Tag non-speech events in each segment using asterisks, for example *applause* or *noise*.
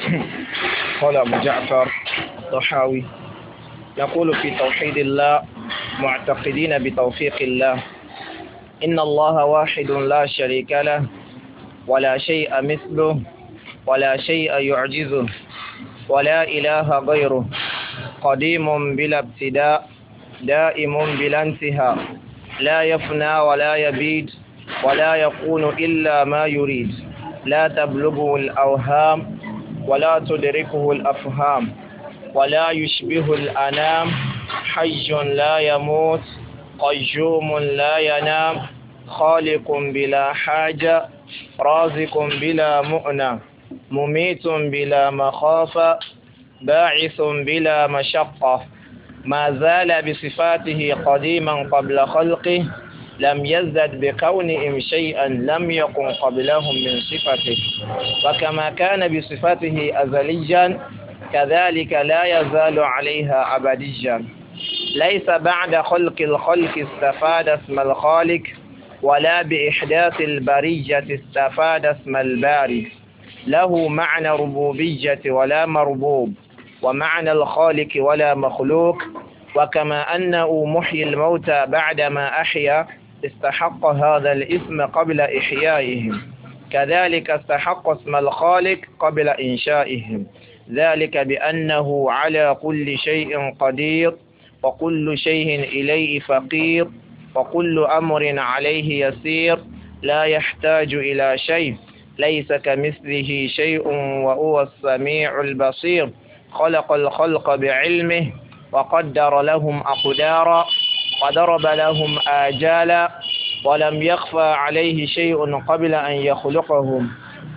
*laughs* قال أبو جعفر الطحاوي يقول في توحيد الله معتقدين بتوفيق الله إن الله واحد لا شريك له ولا شيء مثله ولا شيء يعجزه ولا إله غيره قديم بلا ابتداء دائم بلا انتهاء لا يفنى ولا يبيد ولا يكون إلا ما يريد لا تبلغه الأوهام ولا تدركه الأفهام ولا يشبه الأنام حي لا يموت قيوم لا ينام خالق بلا حاجة رازق بلا مؤنى مميت بلا مخافة باعث بلا مشقة ما زال بصفاته قديما قبل خلقه لم يزدد بكونهم شيئا لم يكن قبلهم من صفته وكما كان بصفته أزليا كذلك لا يزال عليها أبديا ليس بعد خلق الخلق استفاد اسم الخالق ولا بإحداث البرية استفاد اسم الباري له معنى ربوبية ولا مربوب ومعنى الخالق ولا مخلوق وكما أنه محيي الموتى بعدما أحيا استحق هذا الاسم قبل إحيائهم كذلك استحق اسم الخالق قبل إنشائهم ذلك بأنه على كل شيء قدير وكل شيء إليه فقير وكل أمر عليه يسير لا يحتاج إلى شيء ليس كمثله شيء وهو السميع البصير خلق الخلق بعلمه وقدر لهم أقدارا وضرب لهم آجالا ولم يخفى عليه شيء قبل أن يخلقهم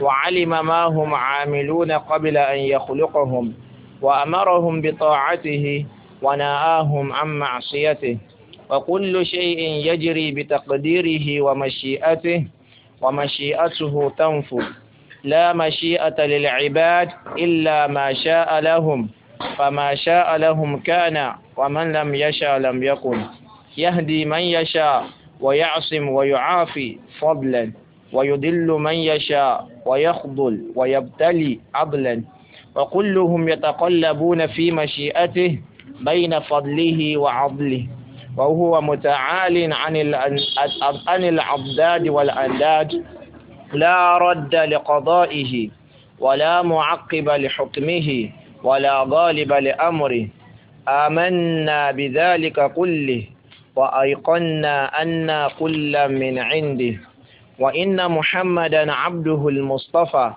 وعلم ما هم عاملون قبل أن يخلقهم وأمرهم بطاعته ونآهم عن معصيته وكل شيء يجري بتقديره ومشيئته ومشيئته تنفذ لا مشيئة للعباد إلا ما شاء لهم فما شاء لهم كان ومن لم يشاء لم يكن يهدي من يشاء ويعصم ويعافي فضلا ويدل من يشاء ويخضل ويبتلي عدلا وكلهم يتقلبون في مشيئته بين فضله وعضله وهو متعال عن عن العبداد والأنداد لا رد لقضائه ولا معقب لحكمه ولا غالب لأمره آمنا بذلك كله وأيقنا أن كل من عنده وإن محمدا عبده المصطفى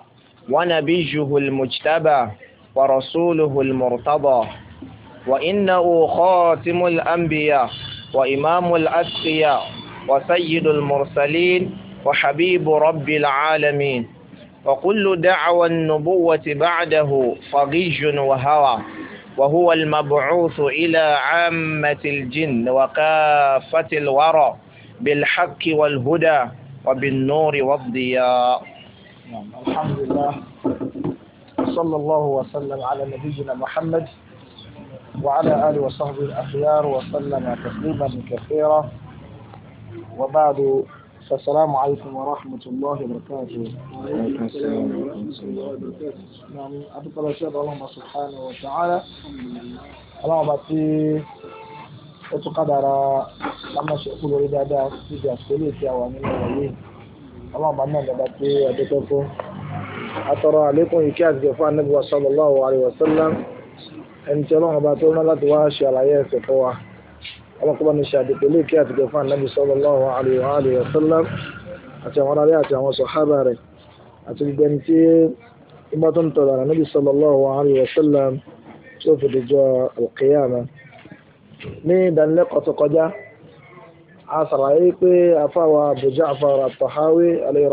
ونبيه المجتبى ورسوله المرتضى وإنه خاتم الأنبياء وإمام الأسقياء وسيد المرسلين وحبيب رب العالمين وكل دعوى النبوة بعده فغي وهوى وهو المبعوث إلى عامة الجن وكافة الورى بالحق والهدى وبالنور والضياء نعم، الحمد لله صلى الله وسلم على نبينا محمد وعلى آله وصحبه الأخيار وسلم تسليما كثيرا وبعد السلام عليكم ورحمة الله وبركاته وعليكم السلام ورحمة الله وبركاته نعم أبو طلع شاب سبحانه وتعالى الله باتي أتو لما شئكل إذا دا سيدي أسكولي تياوى من الولي الله بنا لباتي أدتكم أترى عليكم إكاد جفاء النبي صلى الله عليه وسلم أنت الله باتونا لا تواشي على يسفوه ọlọ́kọ́bá ní ṣàdé pẹ̀lú ìkí àti gẹ̀fà nàbí sallallahu alaihi wa sallam àti àwọn aráyé àti àwọn sọ̀hábà rẹ̀ àti gbogbo ẹni tí ìgbà tó ń tọ̀rọ̀ nàbí sallallahu alaihi wa sallam tó fi dìjọ́ al-qiyamah. ní ìdánilẹ́kọ̀ọ́ tó kọjá a sàlàyé pé afáwa Abu Ja'far at-Tahawi alayhi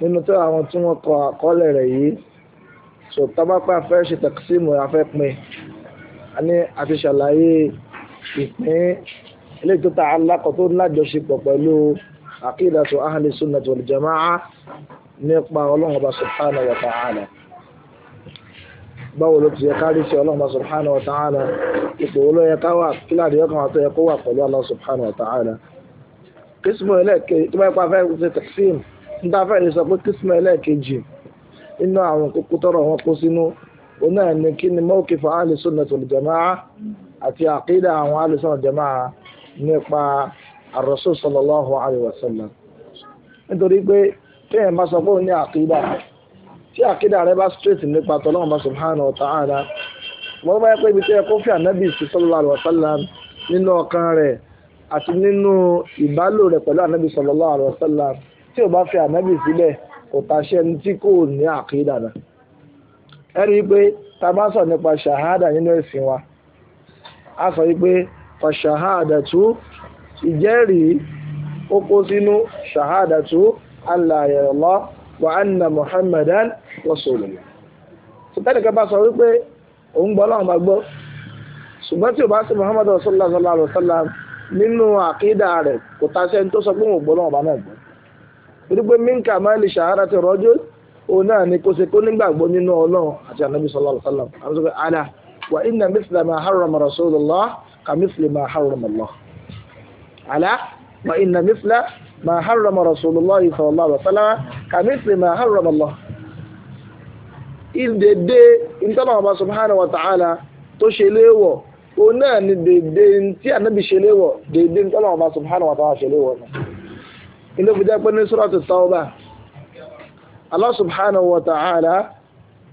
nínú tó àwọn tí wọ́n kọ àkọọ́lẹ̀ rẹ̀ yìí a ní a ti ṣàlàyé ìpín ilé tó ta alákọ̀ tó lájọṣepọ̀ pẹ̀lú àkídàtò ahli sunnah wal jama'a nípa ọlọ́run ọba subhanahu wa ta'ala báwo ló ti yẹ kárí sí ọlọ́run ọba subhanahu wa ta'ala ipò wo ló yẹ ká wà kíláàdì yọkàn wa tó yẹ kó wà pẹ̀lú Allah subhanahu wa ta'ala òun náà ni kí ni mọ́kìfà alìsúnà jamaa jẹ̀máà àti àkídà àwọn alìsúnà jẹ̀máà nípa àròsùn sọlọ́láhùn àríwàsọ́lá nítorí pé téèyàn bá sọ pé òun ní àkídà tí àkídà rẹ bá straight nípa tọ́lọ́wọ́n bá subhanahu wa ta'ala wọ́n bá yẹ pé ibi tí ẹ kó fi ànábì sí sọlọ́láhùn àríwàsọ́lá nínú ọkàn rẹ̀ àti nínú ìbálò rẹ̀ pẹ̀lú ànábì sọlọ́láhùn àríwàsọ́lá tí ẹ rí i pé tá bá sọ nípa ṣàhádà nínú ẹ̀sìn wa a sọ wípé fàṣàhádàtú ìjẹ́rìí ó kó sínú wa anna mohammedan rasulullah sọtẹ́nìkan bá sọ wípé òun gbọ́ lọ́wọ́n bá gbọ́ ṣùgbọ́n tí o bá sí muhammad sallallahu wa sallam nínú àkídà rẹ̀ kò tá sẹ́ni tó sọ pé òun gbọ́ ma gbọ́ òun náà ni kó ṣe kó nígbàgbọ́ nínú ọlọ́run àti ànábì sallallahu alaihi wasallam àwọn sọ pé àdá wà inna mithla ma harrama rasulullah ka mithli ma harrama Allah àlá wà inna mithla ma harrama rasulullah sallallahu alaihi wasallam ka mithli ma harrama Allah ìdèdè ìtọ́nà ọba subhanahu wa ta'ala tó ṣe léwọ̀ òun náà ni dèdè tí ànábì ṣe léwọ̀ dèdè ìtọ́nà ọba subhanahu wa ta'ala ṣe léwọ̀ náà ilé fi jẹ́ pé ní suratu Allah subhanahu wa ta'ala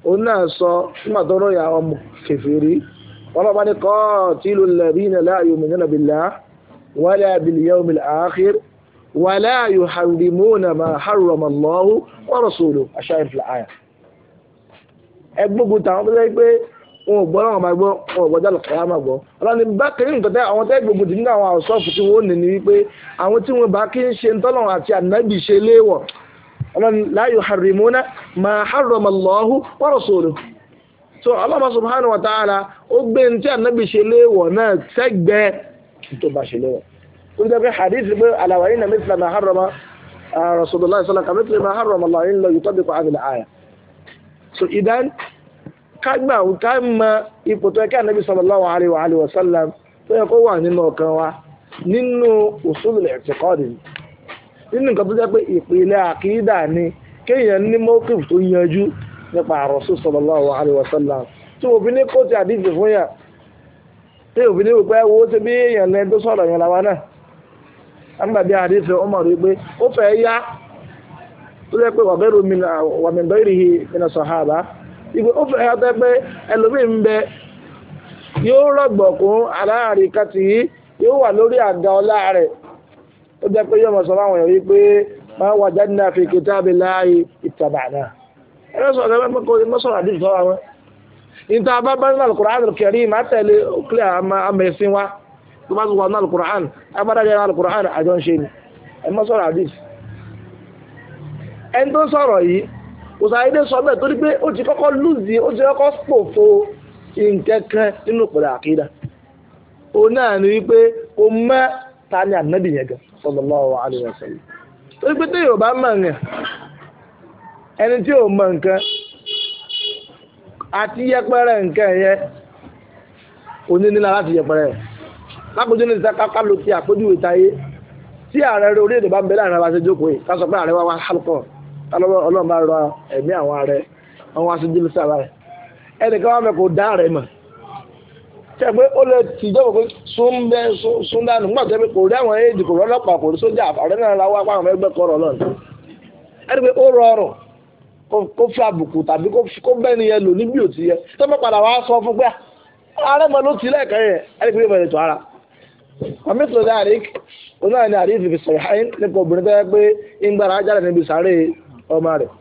òun náà sọ nígbà tó rọ̀yà àwọn kèfèrí ọlọ́ba ní qatilu alladhina la yu'minuna billah wala bil yawmil akhir wala yuharrimuna ma harrama Allahu wa rasuluhu ash-shahid aya. ẹgbógun tàwọn tó lẹ́yìn wọn ò gbọ́ láwọn máa gbọ́ wọn ò gbọ́ dá máa gbọ́ ọlọ́ni bá kiri nǹkan àwọn tẹ́ gbogbo dì nínú àwọn àwòsọ́ọ̀fù tí wọ́n ní wípé àwọn tí wọn bá kí ń ṣe ntọ́lọ́run àti ànábì ṣe léèwọ̀ ọlọ́ni la yuharrimuna ma harrama Allahu wa rasuluhu so Allah subhanahu wa ta'ala ó gbé ní tí ànábì ṣe léèwọ̀ náà sẹ́gbẹ̀ẹ́ tó bá ṣe léèwọ̀ ó jẹ́ pé hadith pé àlàwà yìí nàmi islam harrama rasulullah sallallahu alaihi wasallam kàmi islam harrama Allah yìí lọ yìí kọ́ àmì àyà so idan ká gbà ká mọ ipò tó yẹ kí sallallahu alaihi wa sallam tó yẹ kó wà nínú ọkàn wa nínú usulul i'tiqad nínú nǹkan tó jẹ́ pé ìpìlẹ̀ àkídà ni kéèyàn ní mọ́kìf tó yanjú nípa àròsù sallallahu alaihi wasallam tí wọ́n ní kóòtù àdìsí fún yà tí ní wípé wo ti bí èèyàn lẹ́ tó sọ̀rọ̀ yẹn làwa náà àdìsí ọmọ rẹ pé ó fẹ́ yá tó jẹ́ pé wàbẹ́rù mi ìrìhì ìgbé ó fẹ́ yá tó pé ẹlòmíì ń bẹ yóò rọ̀gbọ̀kún aláàríkàtì yìí yóò wà lórí tó jẹ́ pé yóò mọ̀ sọ fáwọn èèyàn wípé máa wajadna fi kitabillahi ittaba'na ẹ̀rọ sọ̀rọ̀ ẹ̀rọ mọ́sọ̀rọ̀ àdìsí fọ́ra wọn níta bá bá nínú alukur'an kẹrin máa tẹ̀lé òkúlẹ̀ amẹ̀sìn wa tó bá wà nínú alukur'an abádájọ́ nínú alukur'an àjọ ń ṣe ni ẹ̀ ẹni tó sọ̀rọ̀ yìí sọ bẹ́ẹ̀ torí pé ó ti kọ́kọ́ lùzì ó ti kọ́kọ́ pòfo nínú àkídà òun náà ni wípé kò mọ̀ ta ni ànábì gan sallallahu alaihi wasallam torí pé tí yorùbá mọ̀ yẹn ẹni tí ò mọ̀ nǹkan àti yẹpẹrẹ nǹkan yẹn òní nílá láti yẹpẹrẹ yẹn lápòjú ní ìsaka kálo ti àpéjúwe táyé tí ààrẹ rẹ orílẹ̀-èdè bá ń bẹ láàrin àwọn aṣojú pé ààrẹ wa wá ọlọ́run bá rọ ẹ̀mí àwọn ààrẹ wọn wá sí jílùsà ẹnìkan wà mẹ́kọ̀ọ́ dá ààrẹ mọ̀ tẹ̀gbẹ́ ó lè ti ìjọba pé súnbẹ́ súndánù nígbà tó yẹ pé kò rí àwọn éèdì kò rọ́lọ́pàá kò rí sójà àrẹ náà la wá pàwọn ẹgbẹ́ kọ̀ọ̀rọ̀ náà ni. ẹni pé ó rọrùn kó fi àbùkù tàbí kó bẹ́ni yẹn lò níbi òtí yẹ tó padà wá sọ fún pé ah, ààrẹ mọ ló ti lẹ́ẹ̀kan yẹn ẹni pé ìbẹ̀rẹ̀ tó ara. àmì ni àrí ìfìfì nípa obìnrin tó pé ìgbàrá ajáde níbi sàárè ọmọ rẹ̀.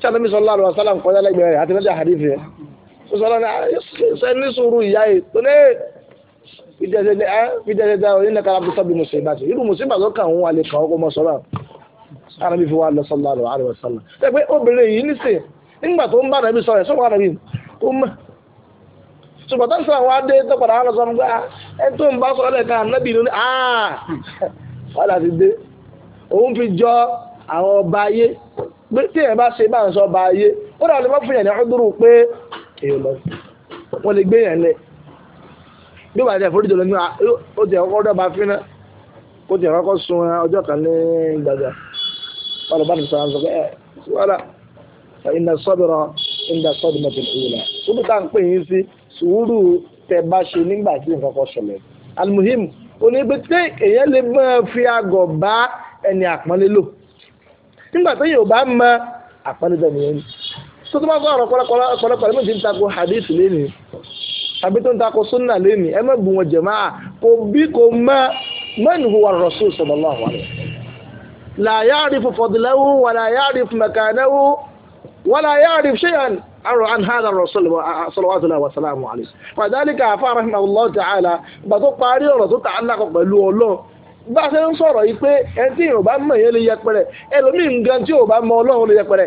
sàlámì sọ̀rọ̀ ah, ní sẹ́ni sùúrù ìyá yìí ah, tó ní fìdẹ́dẹ́dẹ́ onílẹ̀ka abdulsa bí mùsùlùmí àti irú mùsùlùmí àti ọkàn òun àlekàn ọkọ mọ sọ̀rọ̀ àrẹ́bí fi wá lọ sọ́lá lọ àrẹ́bí sọ́lá ṣe pé obìnrin yìí ní sè nígbà tó ń bá àrẹ́bí sọ̀rọ̀ ẹ̀ṣọ́ wà àrẹ́bí kó mọ̀ ṣùgbọ́n tó ń sọ̀rọ̀ wá dé tó padà wọn sọ nígbà ah, ẹ tó ń bá sọ̀rọ̀ lẹ́ka àrẹ́bí ní àà *laughs* padà ti dé òun fi jọ àwọn ọba ayé pé tí ẹ̀ bá ṣe bá ń sọ ọba ayé ó dàbí èèyàn lọ sí wọ́n lè gbé yẹn lẹ̀ bí wàá jẹ́ ìforíjì lọ ní ó ti ẹ̀kọ́ dọ́ba fínà kó ti ẹ̀kọ́ sun ọjọ́ kan ní gbàgbà wàlú bá ti sọ àwọn sọ pé ẹ wàlá ìnà sọ́bìrọ̀ ìnà sọ́bìrọ̀ ti kú la sùúrù tá à ń pè yín sí sùúrù tẹ bá ṣe nígbà tí nǹkan kan ṣẹlẹ̀ alimuhim onígbètè èèyàn lè máa fi àgọ̀ bá ẹni àpọ́nlé nígbà tó yóò bá mọ àpọ́nlé nìyẹn tó tó bá gbọ́ ọ̀rọ̀ pọ̀lọpọ̀ ẹ̀mí ti ń takò hadith lẹ́nu àbí tó ń takò sunna lẹ́nu ẹ má bù wọn jàmáà kò bí kò mọ man huwa ar-rasul sallallahu alaihi la ya'rifu fadlahu wa la ya'rifu makanahu wa la ya'rifu shay'an أرو عن هذا الرسول صلوات الله وسلامه عليه فذلك عفا رحمه الله تعالى بدو قاري ọ̀rọ̀ tó تعلق pẹ̀lú Ọlọ́run bá ṣe ń sọ̀rọ̀ yìí pé ẹni tí yóò bá mọ̀ yẹn lè yẹpẹrẹ ẹlòmíín gan tí yóò bá mọ Ọlọ́run lè yẹpẹrẹ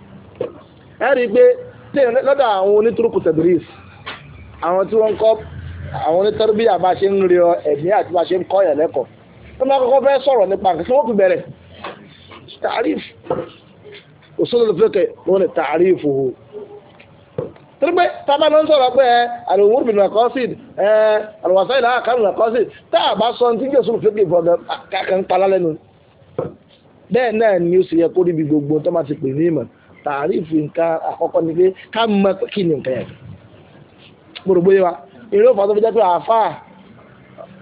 ẹ rí i pé lọ́dọ̀ àwọn onítúrùkù tẹ̀dírìs àwọn tí wọ́n ń kọ́ àwọn onítẹ́rìbíyà bá ṣe ń rí ọ ẹ̀mí àti bá ṣe ń kọ́ ẹ̀ lẹ́kọ̀ọ́ wọ́n máa kọ́kọ́ fẹ́ sọ̀rọ̀ nípa nǹkan tí wọ́n fi bẹ̀rẹ̀ tààríf òṣèlú lọ́fẹ́kẹ̀ wọ́n ní tààríf o torípé tábà ló ń sọ̀rọ̀ pé ẹ àlùwúrú bìnnà kọ́sìd ẹ àlùwàsá ìlà àkàrùn nà kọ́sìd tá a bá sọ ní jésù lọ́fẹ́kẹ̀ gbọ̀ngàn kàkà ń palá lẹ́nu bẹ́ẹ̀ náà ni ó sì yẹ kó níbi gbogbo tó máa ti pè ní ìmọ̀ tààrífù nǹkan àkọ́kọ́ ni pé ká mọ kí ni nǹkan yẹn gbòrògbò yẹn wa èrè òfò àtọ́fẹ́ jẹ́ pé àáfà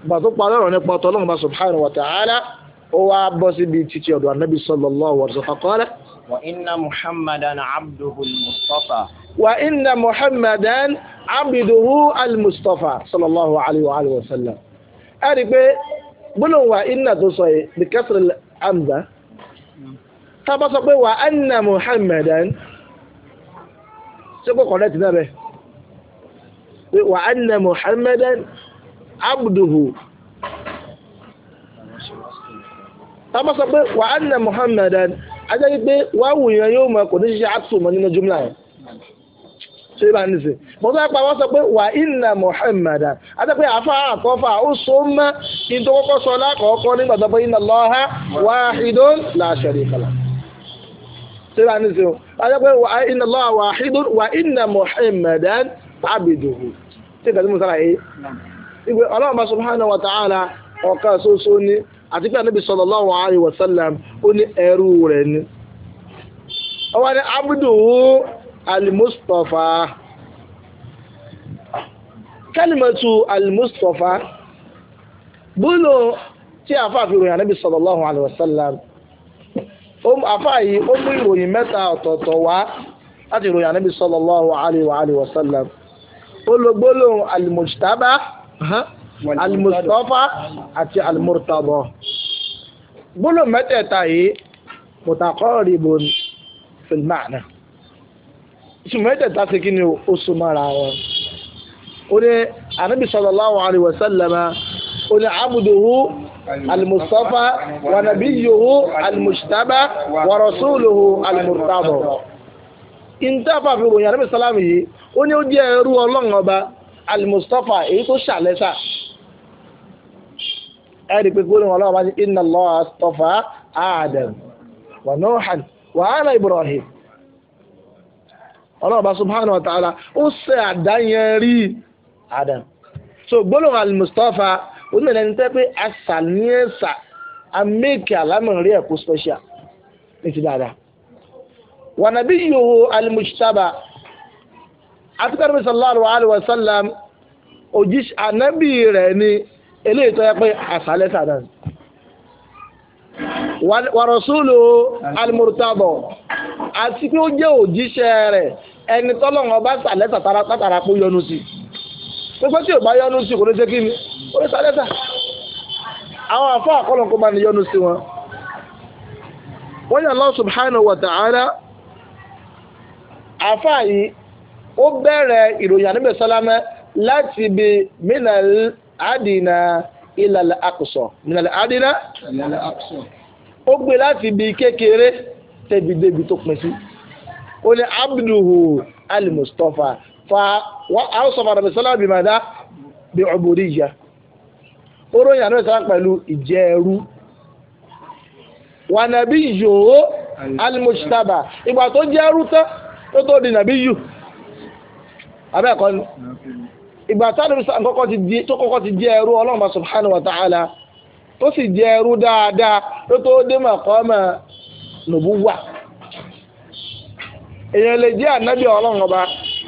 bàtó parí ọ̀rọ̀ nípa ọ̀tọ̀ ọlọ́run bá subhanahu wa ta'ala ó wá bọ́ síbi títí ọ̀dọ̀ anábì sallallahu alaihi wasallam wa inna muhammadan abduhu al-mustafa. wa inna muhammadan abduhu al-mustafa sallallahu alaihi wa sallam. ẹ pé gbólóhùn wa inna tó sọ yìí bi kasr al tábà sọ pé wà anna muhammadan ṣé kò kọ̀rẹ́tì náà bẹ́ẹ̀ pé wà anna muhammadan abduhu tábà sọ pé wà anna muhammadan ajá wípé wáwù yẹn yóò mọ kò ní ṣiṣẹ́ àtúmọ̀ nínú jumla yẹn ṣé bá ní sè mọ́tò àpá wọn sọ pé wà inna muhammadan àti pé àfa àkọ́fà ó so mọ́ kí sọ lákọ̀ọ́kọ́ nígbà tó pé inna allaha wahidun la ṣe bá ní ṣe o wáyé pé inna Allaha wahidun wa inna Muhammadan abduhu tí ìtàjú mo sára yìí ìgbé ọlọ́run bá subhanahu wa ta'ala ọ̀kan ṣoṣo ni àti pé ànábì sallallahu alaihi wa sallam ó ní ẹrú rẹ̀ ni. ọwọ́ ni abduhu al-Mustafa kẹ́lìmọ̀tù al-Mustafa bólú tí àfáàfin ròyìn ànábì sallallahu alaihi wa sallam àfáà yìí ó mú ìròyìn mẹ́ta ọ̀tọ̀ọ̀tọ̀ wá láti ìròyìn ànábì sallallahu alaihi wa alihi wa sallam ó lo gbólóhùn alimujtaba alimustafa àti alimurtabọ gbólóhùn mẹ́tẹ̀ẹ̀ta yìí mutaqaribun fil ma'na ìṣùgbọ́n mẹ́tẹ̀ẹ̀ta ti kí ni ó súnmọ́ra wọn ó ní ànábì sallallahu alaihi wa sallam ó ní abuduhu. المصطفى ونبيه المجتبى ورسوله المرتضى ìntàfà fi ròyìn àdébẹ̀ sálámù yìí ó ní ó jẹ́ ẹrú ọlọ́run ọba al-Mustafa èyí tó ṣàlẹ́sà ẹ̀rì pé gbóríwọ̀n ọlọ́run ọba ní inna Allaha astafa Adam wa Nuhan wa ala Ibrahim ọlọ́run ọba subhanahu wa ta'ala ó ṣe àdáyẹn rí Adam so gbóríwọ̀n al-Mustafa onílẹ̀ ní tẹ́ pé àṣà ní ẹ̀ṣà améèkì àlámọ̀rí ẹ̀kọ́ special ní ti dáadáa. wànàbí yòó alimusitaba atukọ̀rọ̀ sallallahu alayhi wa sallam òjíṣẹ́ ànábì rẹ̀ ni eléyìí tó yẹ pé àṣà lẹ́ṣà náà wàrọ̀súlù alimurtabọ̀ àti pé ó jẹ́ òjíṣẹ́ rẹ̀ ẹni tọ́lọ́run bá ṣà lẹ́ṣà tààrà kó yọnu sí i. gbogbo tí ò bá yọnu sí kò ṣe kí ni ó ní sálẹ́sà àwọn àfọ àkọlọ̀ ní yọnu sí wọn. wọ́n yàn Allah subhanahu wa ta'ala àfọ yìí ó bẹ̀rẹ̀ ìròyìn sálámẹ́ láti minal adina ilal aqsa minal adina ó gbé láti abduhu فأوصف النبي صلى الله عليه وسلم بماذا؟ بعبودية oróyìn àná ìsàlám pẹ̀lú ìjẹ́rú wà nàbí yòó alimusitaba ìgbà tó jẹ́rú tán tó tó di nàbí yù abẹ́ẹ̀kọ́ ni ìgbà tánàbí sàn tó kọ́kọ́ ti jẹ́rú ọlọ́mọba subhanahu wa ta'ala tó sì jẹ́rú dáadáa tó tó dé maqama nubuwa èèyàn lè jẹ́ ànábì ọlọ́mọba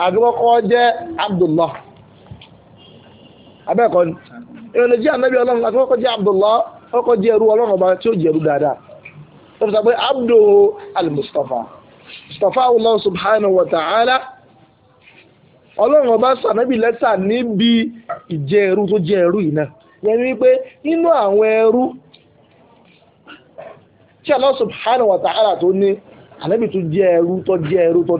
àgbẹ̀kọ́kọ́ jẹ́ Abdullọ abẹ́ẹ̀kọ́ ni èèyàn lè jẹ́ ànábì ọlọ́run àgbẹ̀kọ́kọ́ jẹ Abdullah ọkọ̀ ẹrú ọlọ́run ọba tí ó jẹ ẹrú dáadáa tó fi al-Mustafa Mustafa Allah subhanahu wa ta'ala ọlọ́run ọba sànábì lẹ́tà níbi ẹrú tó ẹrú yìí náà yẹn ni àwọn ẹrú tí subhanahu ta'ala tó ní tó ẹrú tó ẹrú tó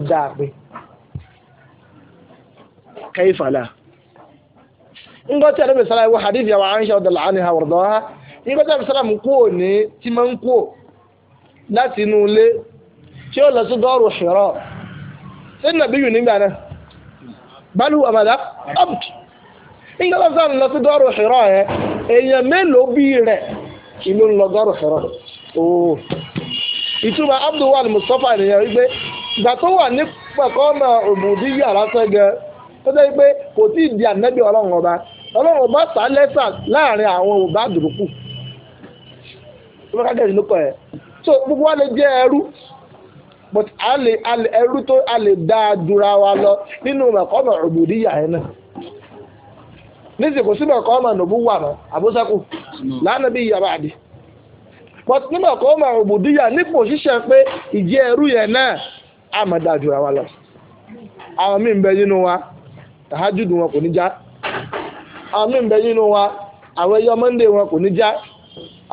kaifa la ngọ́ tí àdébẹ̀ sára ìwọ hadith yàwó Aisha ọ̀dọ̀lá ní àwọ̀rọ̀dọ̀ ha ngọ́ tí àdébẹ̀ sára mú kúò ní tí máa ń kúò láti inú ilé tí ó lọ sí dọ́ọ̀rù Hira ṣé nàbí yù nígbà náà balu amada abd ngọ́ tí sára lọ sí dọ́ọ̀rù Hira yẹn èèyàn mélòó bí rẹ̀ ìlú ń lọ dọ́ọ̀rù Hira ooo ìtumọ̀ Abdul wal Mustafa nìyẹn wípé ìgbà tó wà ní pẹ̀kọ́ ọmọ òbùdí yàrá sẹ́gẹ̀ẹ́ tó pé kò tí ì di ọlọ́run ọba ọlọ́run ọba sá lẹ́sà láàrin àwọn òbá àdùrùkù olùkàgẹ́ ìlú kọ̀ ẹ̀ so gbogbo wa lè jẹ́ ẹrú but a lè a lè ẹrú tó a lè a dura wa lọ nínú mẹ̀kọ́mọ̀ ọ̀gbùdíyà ẹ̀ náà kò wà mọ́ àbúsákù bí àdì but nígbà kan ọmọ nípò ṣíṣe pé ìjẹ́ ẹrú yẹn náà lọ àwọn míì ń tàhájúdù wọn kò ní já àwọn míì ń bẹ nínú wa àwọn ẹyọ mọ́ndé wọn kò ní já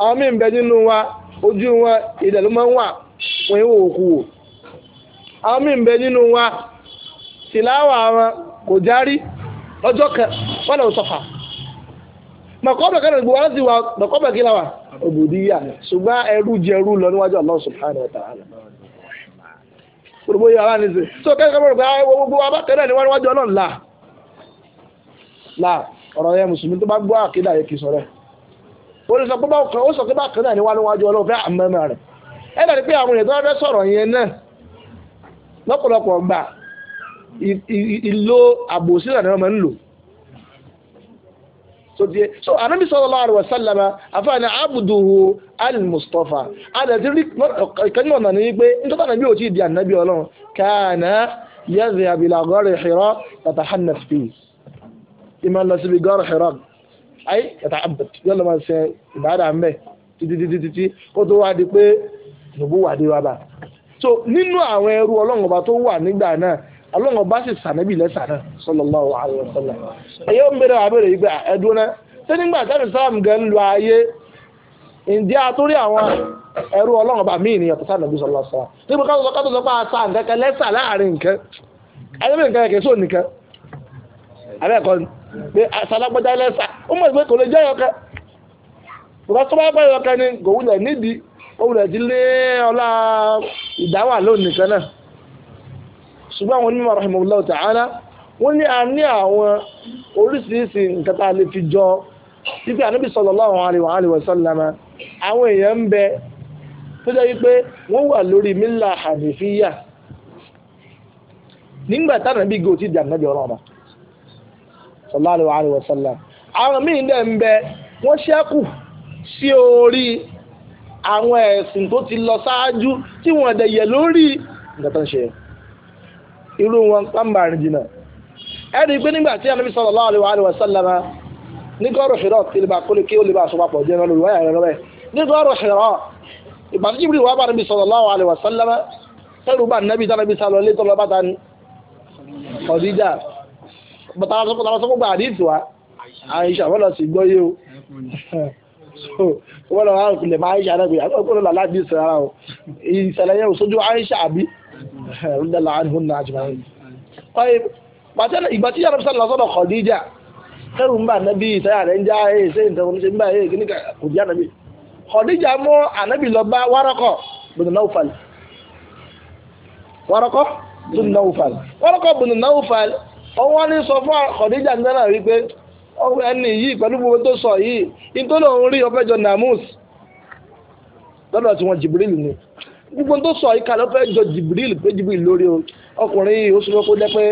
àwọn míì ń bẹ nínú wa ojú wọn ìdẹ̀ máa ń wà wọn ìwò òkú wò àwọn míì ń bẹ nínú wa tìláwà wọn kò járí lọ́jọ́ kan wọn mọ̀kọ́bẹ̀ kan wà mọ̀kọ́bẹ̀ kí la wà ṣùgbọ́n ẹrú lọ níwájú so kẹ́kẹ́ pé ah, gbogbo abákẹ́rẹ́ ni wọ́n níwájú ọlọ́run là islam ọ̀rọ̀ yẹn mùsùlùmí tó bá gbọ́ àkídà yẹ kì í sọ̀rọ̀ ó lè sọ pé bákan ó sọ pé bákan náà ni wà níwájú ọlọ́run fẹ́ àmọ́mọ́ rẹ̀ ẹ dàbí pé àwọn èèyàn tó fẹ́ sọ̀rọ̀ yẹn náà lọ́pọ̀lọpọ̀ gbà ìlò àbòsí náà ni wọ́n máa ń lò sọdíẹ so anabi sallallahu alaihi wasallama afaani abuduhu alimustafa adatiri kanyi wọn nana yi pé nítorí anabi ò tí ì di anabi Ọlọ́run kàánà yẹzi ìmọ̀ lọ síbi gọ́ọ̀rọ̀ Hira ayé yàtà abẹ́t yóò lọ́ máa ṣe ìbáàdà mẹ́ títítítítí kó tó wá di pé nùbú wà dé so nínú àwọn ẹrú ọlọ́run ọba tó wà nígbà náà ọlọ́run ọba sì sànẹ́bì lẹ́sà náà sallallahu alaihi wasallam. ẹ̀yẹ́ ń bẹ̀rẹ̀ àbẹ̀rẹ̀ yìí pé ẹ̀dùn náà ṣé nígbà tábì sáàmù gẹ̀ ń lo ayé ǹdí àtúrí àwọn ẹrú ọlọ́run ọba míì nìyẹn tó sànẹ́bì sallallahu alaihi wasallam. nígbà kátó sọ kátó sọ pé a sa nǹkan kan lẹ́sà láàrin nǹkan ẹ̀yẹ́ pé àṣàlágbọ́dá lẹ́sà ó mọ̀ pé kò lè jẹ́ ọ̀kẹ́ bùkọ́ tó bá bá ọ̀kẹ́ ni gòwúlẹ̀ nídìí òwúlẹ̀ ti lé ọlá ìdáwà lónìí kan náà ṣùgbọ́n àwọn onímọ̀ rahimahullahu ta'ala wọ́n ní a ní àwọn oríṣiríṣi nǹkan tá a lè fi jọ wípé ànábì sallallahu alaihi wa sallam àwọn èèyàn ń bẹ tó jẹ́ wípé wọ́n wà lórí mílà hànífíyà nígbà táwọn gò ti dàgbà jọ̀rọ̀ sallallahu alayhi wa sallam àwọn míì dẹ̀ ń bẹ wọ́n ṣẹ́kù sí orí àwọn ẹ̀sìn tó ti lọ ṣáájú tí wọ́n dẹ̀ yẹ lórí nǹkan tó ń ṣe irú wọn pàmbà rìn jìnnà ẹ rí i pé nígbà tí Ànábì sallallahu alayhi wa sallam nígọ́rọ̀ ṣẹ̀rọ̀ tí lè bá kólé kí ó lè bá aṣọ papọ̀ jẹ́ lọ́lọ́ wáyà rẹ̀ lọ́wẹ́ bàtà sọ́kò gba àdìsí wa àyíṣà wọ́n lọ sí gbọ́ yé so wọ́n lọ ráàrùn kìlẹ̀ máa àyíṣà náà gbìyànjú ọkọ̀ lọ́la láti ìṣẹ̀lẹ̀ ara o ìṣẹ̀lẹ̀ yẹn ò sójú àyíṣà àbí rúdàlá àdìhùn náà àjùmọ̀ yẹn. ọ̀yẹ́ pàtẹ́lẹ̀ ìgbà tí yàrá sọ̀rọ̀ lọ́sọ̀rọ̀ Khadija kẹrù ń bà nábì ìtayà rẹ̀ ń já ẹ̀ ṣe nǹkan oníṣẹ́ ń bà ẹ̀ kíní kò já nábì Khadija mú ànábì lọ bá Waraka bin Nawfal Waraka bin Nawfal òun wá ní sọ fún Khadija nígbà wípé ẹni yìí pẹ̀lú gbogbo tó sọ yìí nítorí òun rí ọfẹ́ jọ namus lọ́dọ̀ tí wọ́n Jibril ni gbogbo tó sọ yìí kalẹ̀ ọfẹ́ jọ Jibril pé Jibril lórí o ọkùnrin yìí ó súnmọ́ kó jẹ́ pé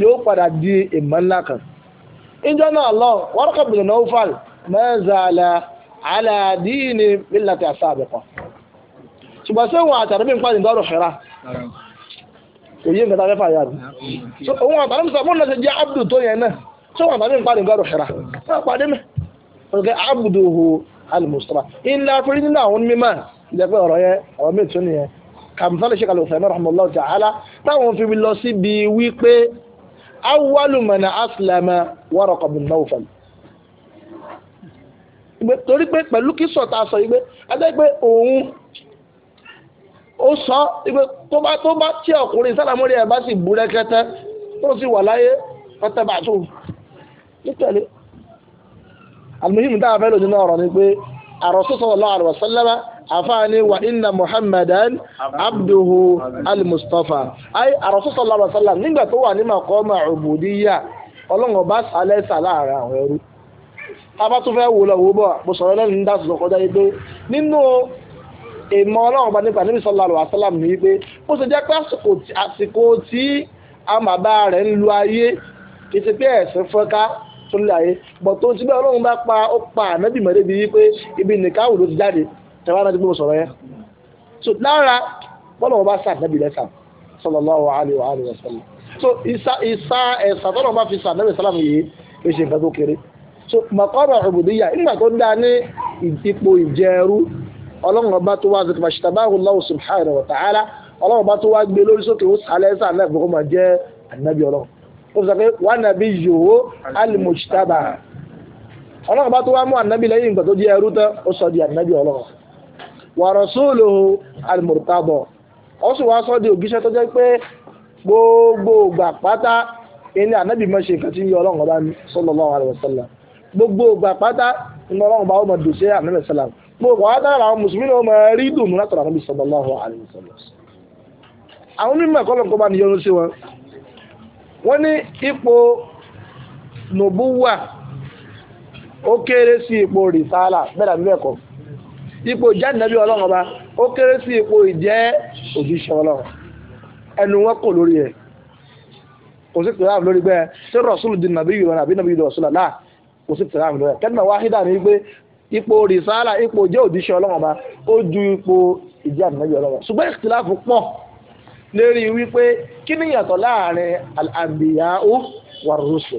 yóò padà di ńlá kan ìjọ náà lọ mẹ́zàlá ṣùgbọ́n sẹ́wọ̀n àtàrí mi ń pàdé èyí nǹkan tá a fẹ́ fà yà ni òun àtàlẹ́ sọ fún ọ̀nà ṣe jẹ́ abudu tó yẹn náà ṣé wọn àtàlẹ́ nípa nǹkan rò ṣẹ̀ra wọn pàdé mi ọ̀gá abudu hu alimusra ilé afẹ́rí nínú àwọn mímọ́ ìjẹ́ pé ọ̀rọ̀ yẹn àwọn míì tún nìyẹn kàmùsọ́lẹ̀ ṣe kàlùfẹ́ mẹ́rin rahmanulahu ta'ala táwọn fi lọ síbi wípé awalumana pé pẹ̀lú kí sọ̀tà sọ yìí pé adájọ́ ó sọ ipe tó bá tó bá tí ọkùnrin sálàmúrí ẹ bá sì bu rẹkẹtẹ tó sì wà láyé ọtẹ bá tó nítẹ̀lé alimuhimu tá a fẹ́ lòdì náà ọ̀rọ̀ ni pé àròsọ sallallahu alaihi wasallam àfáàní wa inna muhammadan abduhu alimustafa ayé àròsọ sallallahu alaihi wasallam nígbà tó wà ní maqama ubudiyya ọlọ́run bá sálẹ̀ sà láàrin àwọn ẹrú tábà tó fẹ́ wò lọ wò bọ̀ mo sọ̀rọ̀ lẹ́nu ní dá ìmọ̀ ọlọ́run bá nípa níbi sọ́lá àlọ́ àsálàmù ní wípé ó ṣe jẹ́ pé àsìkò tí àwọn bàbá rẹ̀ ń lu ayé kì í ṣe pé ẹ̀sìn fọ́nká tó lé ayé bọ̀ tó ti bẹ́ẹ̀ ọlọ́run bá pa ó pa ànábì mọ̀lẹ́ bí wípé ibi nìkan àwòrán ti jáde tẹ̀wá náà ti gbé sọ̀rọ̀ yẹn. so lára bọ́lá wọn bá sà ànábì lẹ́sà sallallahu alaihi wa alihi wasallam so isa isa ẹ̀sà tọ́lọ̀ bá fi sà ànábì sálàmù yìí ló so maqama ubudiyya nígbà tó dá ní ipò ìjẹ́rú ọlọ́run ọba tó wá zikr fashtabahu Allahu subhanahu wa ta'ala ọlọ́run ọba tó wá gbé lórí sókè ó sàlẹ̀ ẹ̀sà náà fún ọmọ jẹ́ ànábì ọlọ́run ó sọ pé wà nàbí yòó al-mujtaba ọlọ́run ọba tó wá mú ànábì lẹ́yìn ìgbà tó di ẹrú tán ó sọ di ànábì ọlọ́run wa rasuluhu al-murtada ó sì wá sọ di ògíṣẹ́ tó jẹ́ pé gbogbo ògbà pátá ẹni gbogbo àwọn dára àwọn musulmi náà máa rí dùnmù látara àwọn bíi sallallahu alaihi wasallam àwọn mímọ ẹ̀kọ́ lọkọ ni níyọnu sí wọn wọ́n ní ipò nùbúwà ó kéré sí ipò rìsáàlà bẹ́ẹ̀ dàbí bẹ́ẹ̀ kọ́ ipò ọlọ́run ọba ó kéré sí ipò ìjẹ́ ipò rìsáàlà ipò jẹ́ òjíṣẹ́ ọlọ́run ọba ó ju ipò ìjẹ́ ànábì ọlọ́run ṣùgbọ́n ìtìláfù pọ̀ lérí wípé kí ni ìyàtọ̀ láàrin àbíyáwó wàrúṣù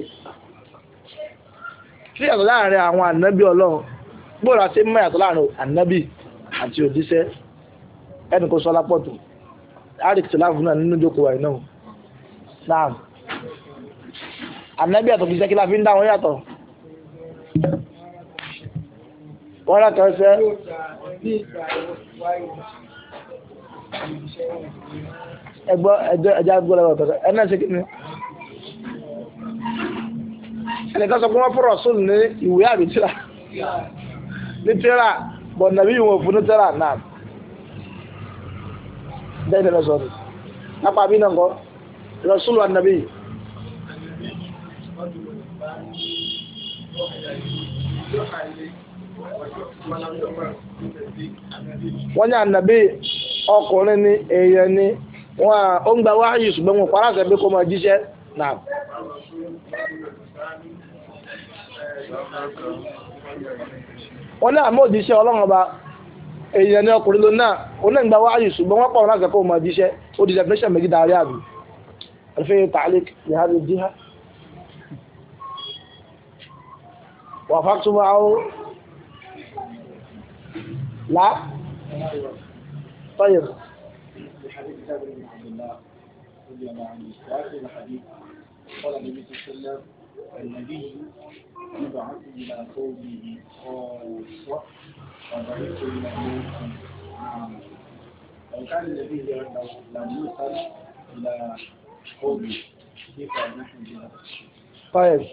kí ni ìyàtọ̀ láàrin àwọn ànábì ọlọ́run gbọ́dọ̀ àti mọ́ ìyàtọ̀ láàrin ànábì àti òjíṣẹ́ ẹnì kò sọlá pọ̀ tó àríkì tìláfù náà nínú ìjókòó wa náà náà ànábì àtọ̀ fi jẹ́ kí la fi yàtọ̀ wọ́n látọ̀ ṣẹ́ ẹgbọ́ ẹjọ́ ẹjọ́ agbóla wọ̀ tọ́ka ẹ̀ náà ṣe kí ni ẹnìkan sọ pé wọ́n fọ̀rọ̀ sùn ní ìwé àbí tíra ní tíra bọ̀ nàbí ìwọ̀n fún ní tíra náà bẹ́ẹ̀ ni lọ́sọ̀rọ̀ lápá àbí náà kọ́ lọ́sùlù ànàbí yìí. Thank you. wọ́n ní ànàbí ọkùnrin ní èèyàn ní wọ́n à ó ń gba wáyé ṣùgbọ́n wọn pàrọ̀ àtẹ̀bí kó jíṣẹ́ náà. wọ́n ní àmọ́ òjíṣẹ́ ọlọ́run ọba èèyàn ní ọkùnrin di definition méjì dárí àbí. tàlík ní لا طيب حديث بن عبد الله رضي الله عنه قال النبي صلى الله عليه وسلم النبي يبعث إلى قومه خاصة وبعث إلى موسى عامة كان النبي لم يوصل إلى قومه كيف نحن بهذا طيب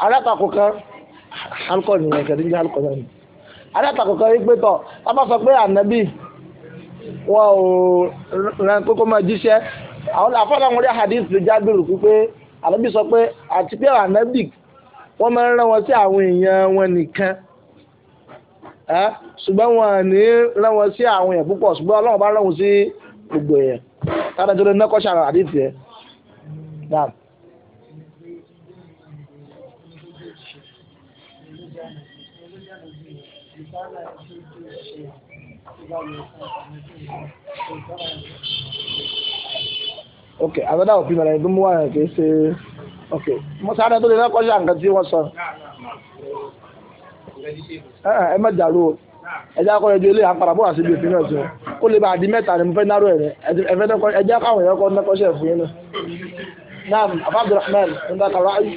علاقة أخوك حلقة هناك رجع حلقة alákàkọ́kọ́ rí pé tọ̀ wọ́n bá sọ pé ànábì wọn ò ràn kókó máa jíṣẹ́ àwọn àfọlọ́ wọn rí hadith lè jábìrì pípé ànábì sọ pé àti pé ànábì wọ́n máa ń rán wọn sí àwọn èèyàn wọn nìkan ṣùgbọ́n wọn ní rán wọn sí àwọn èèyàn púpọ̀ ṣùgbọ́n ọlọ́run bá rán wọn sí gbogbo èèyàn tádàjọ́ lè ná kọ́ṣà àdìsí ẹ̀ dáàbò. ok àgbàdo àwọn òpin mẹ́rin tó mú wá yẹn kì í ṣe ok mo sáré tó lè náà kọjá nǹkan tí wọ́n sọ. Eh, eh, ẹ má dàrú o ẹjẹ akọ ẹjọ ilé àpàrà bó wà síbi òfin náà tó kó lè bá àdí mẹ́ta ni mo fẹ́ náró ẹ̀rẹ́ ẹjẹ akọ àwọn èèyàn kọ́ nẹ́kọ́ṣẹ́ fún yín náà. naam afa abdulrahman nígbà kàrọ ayé.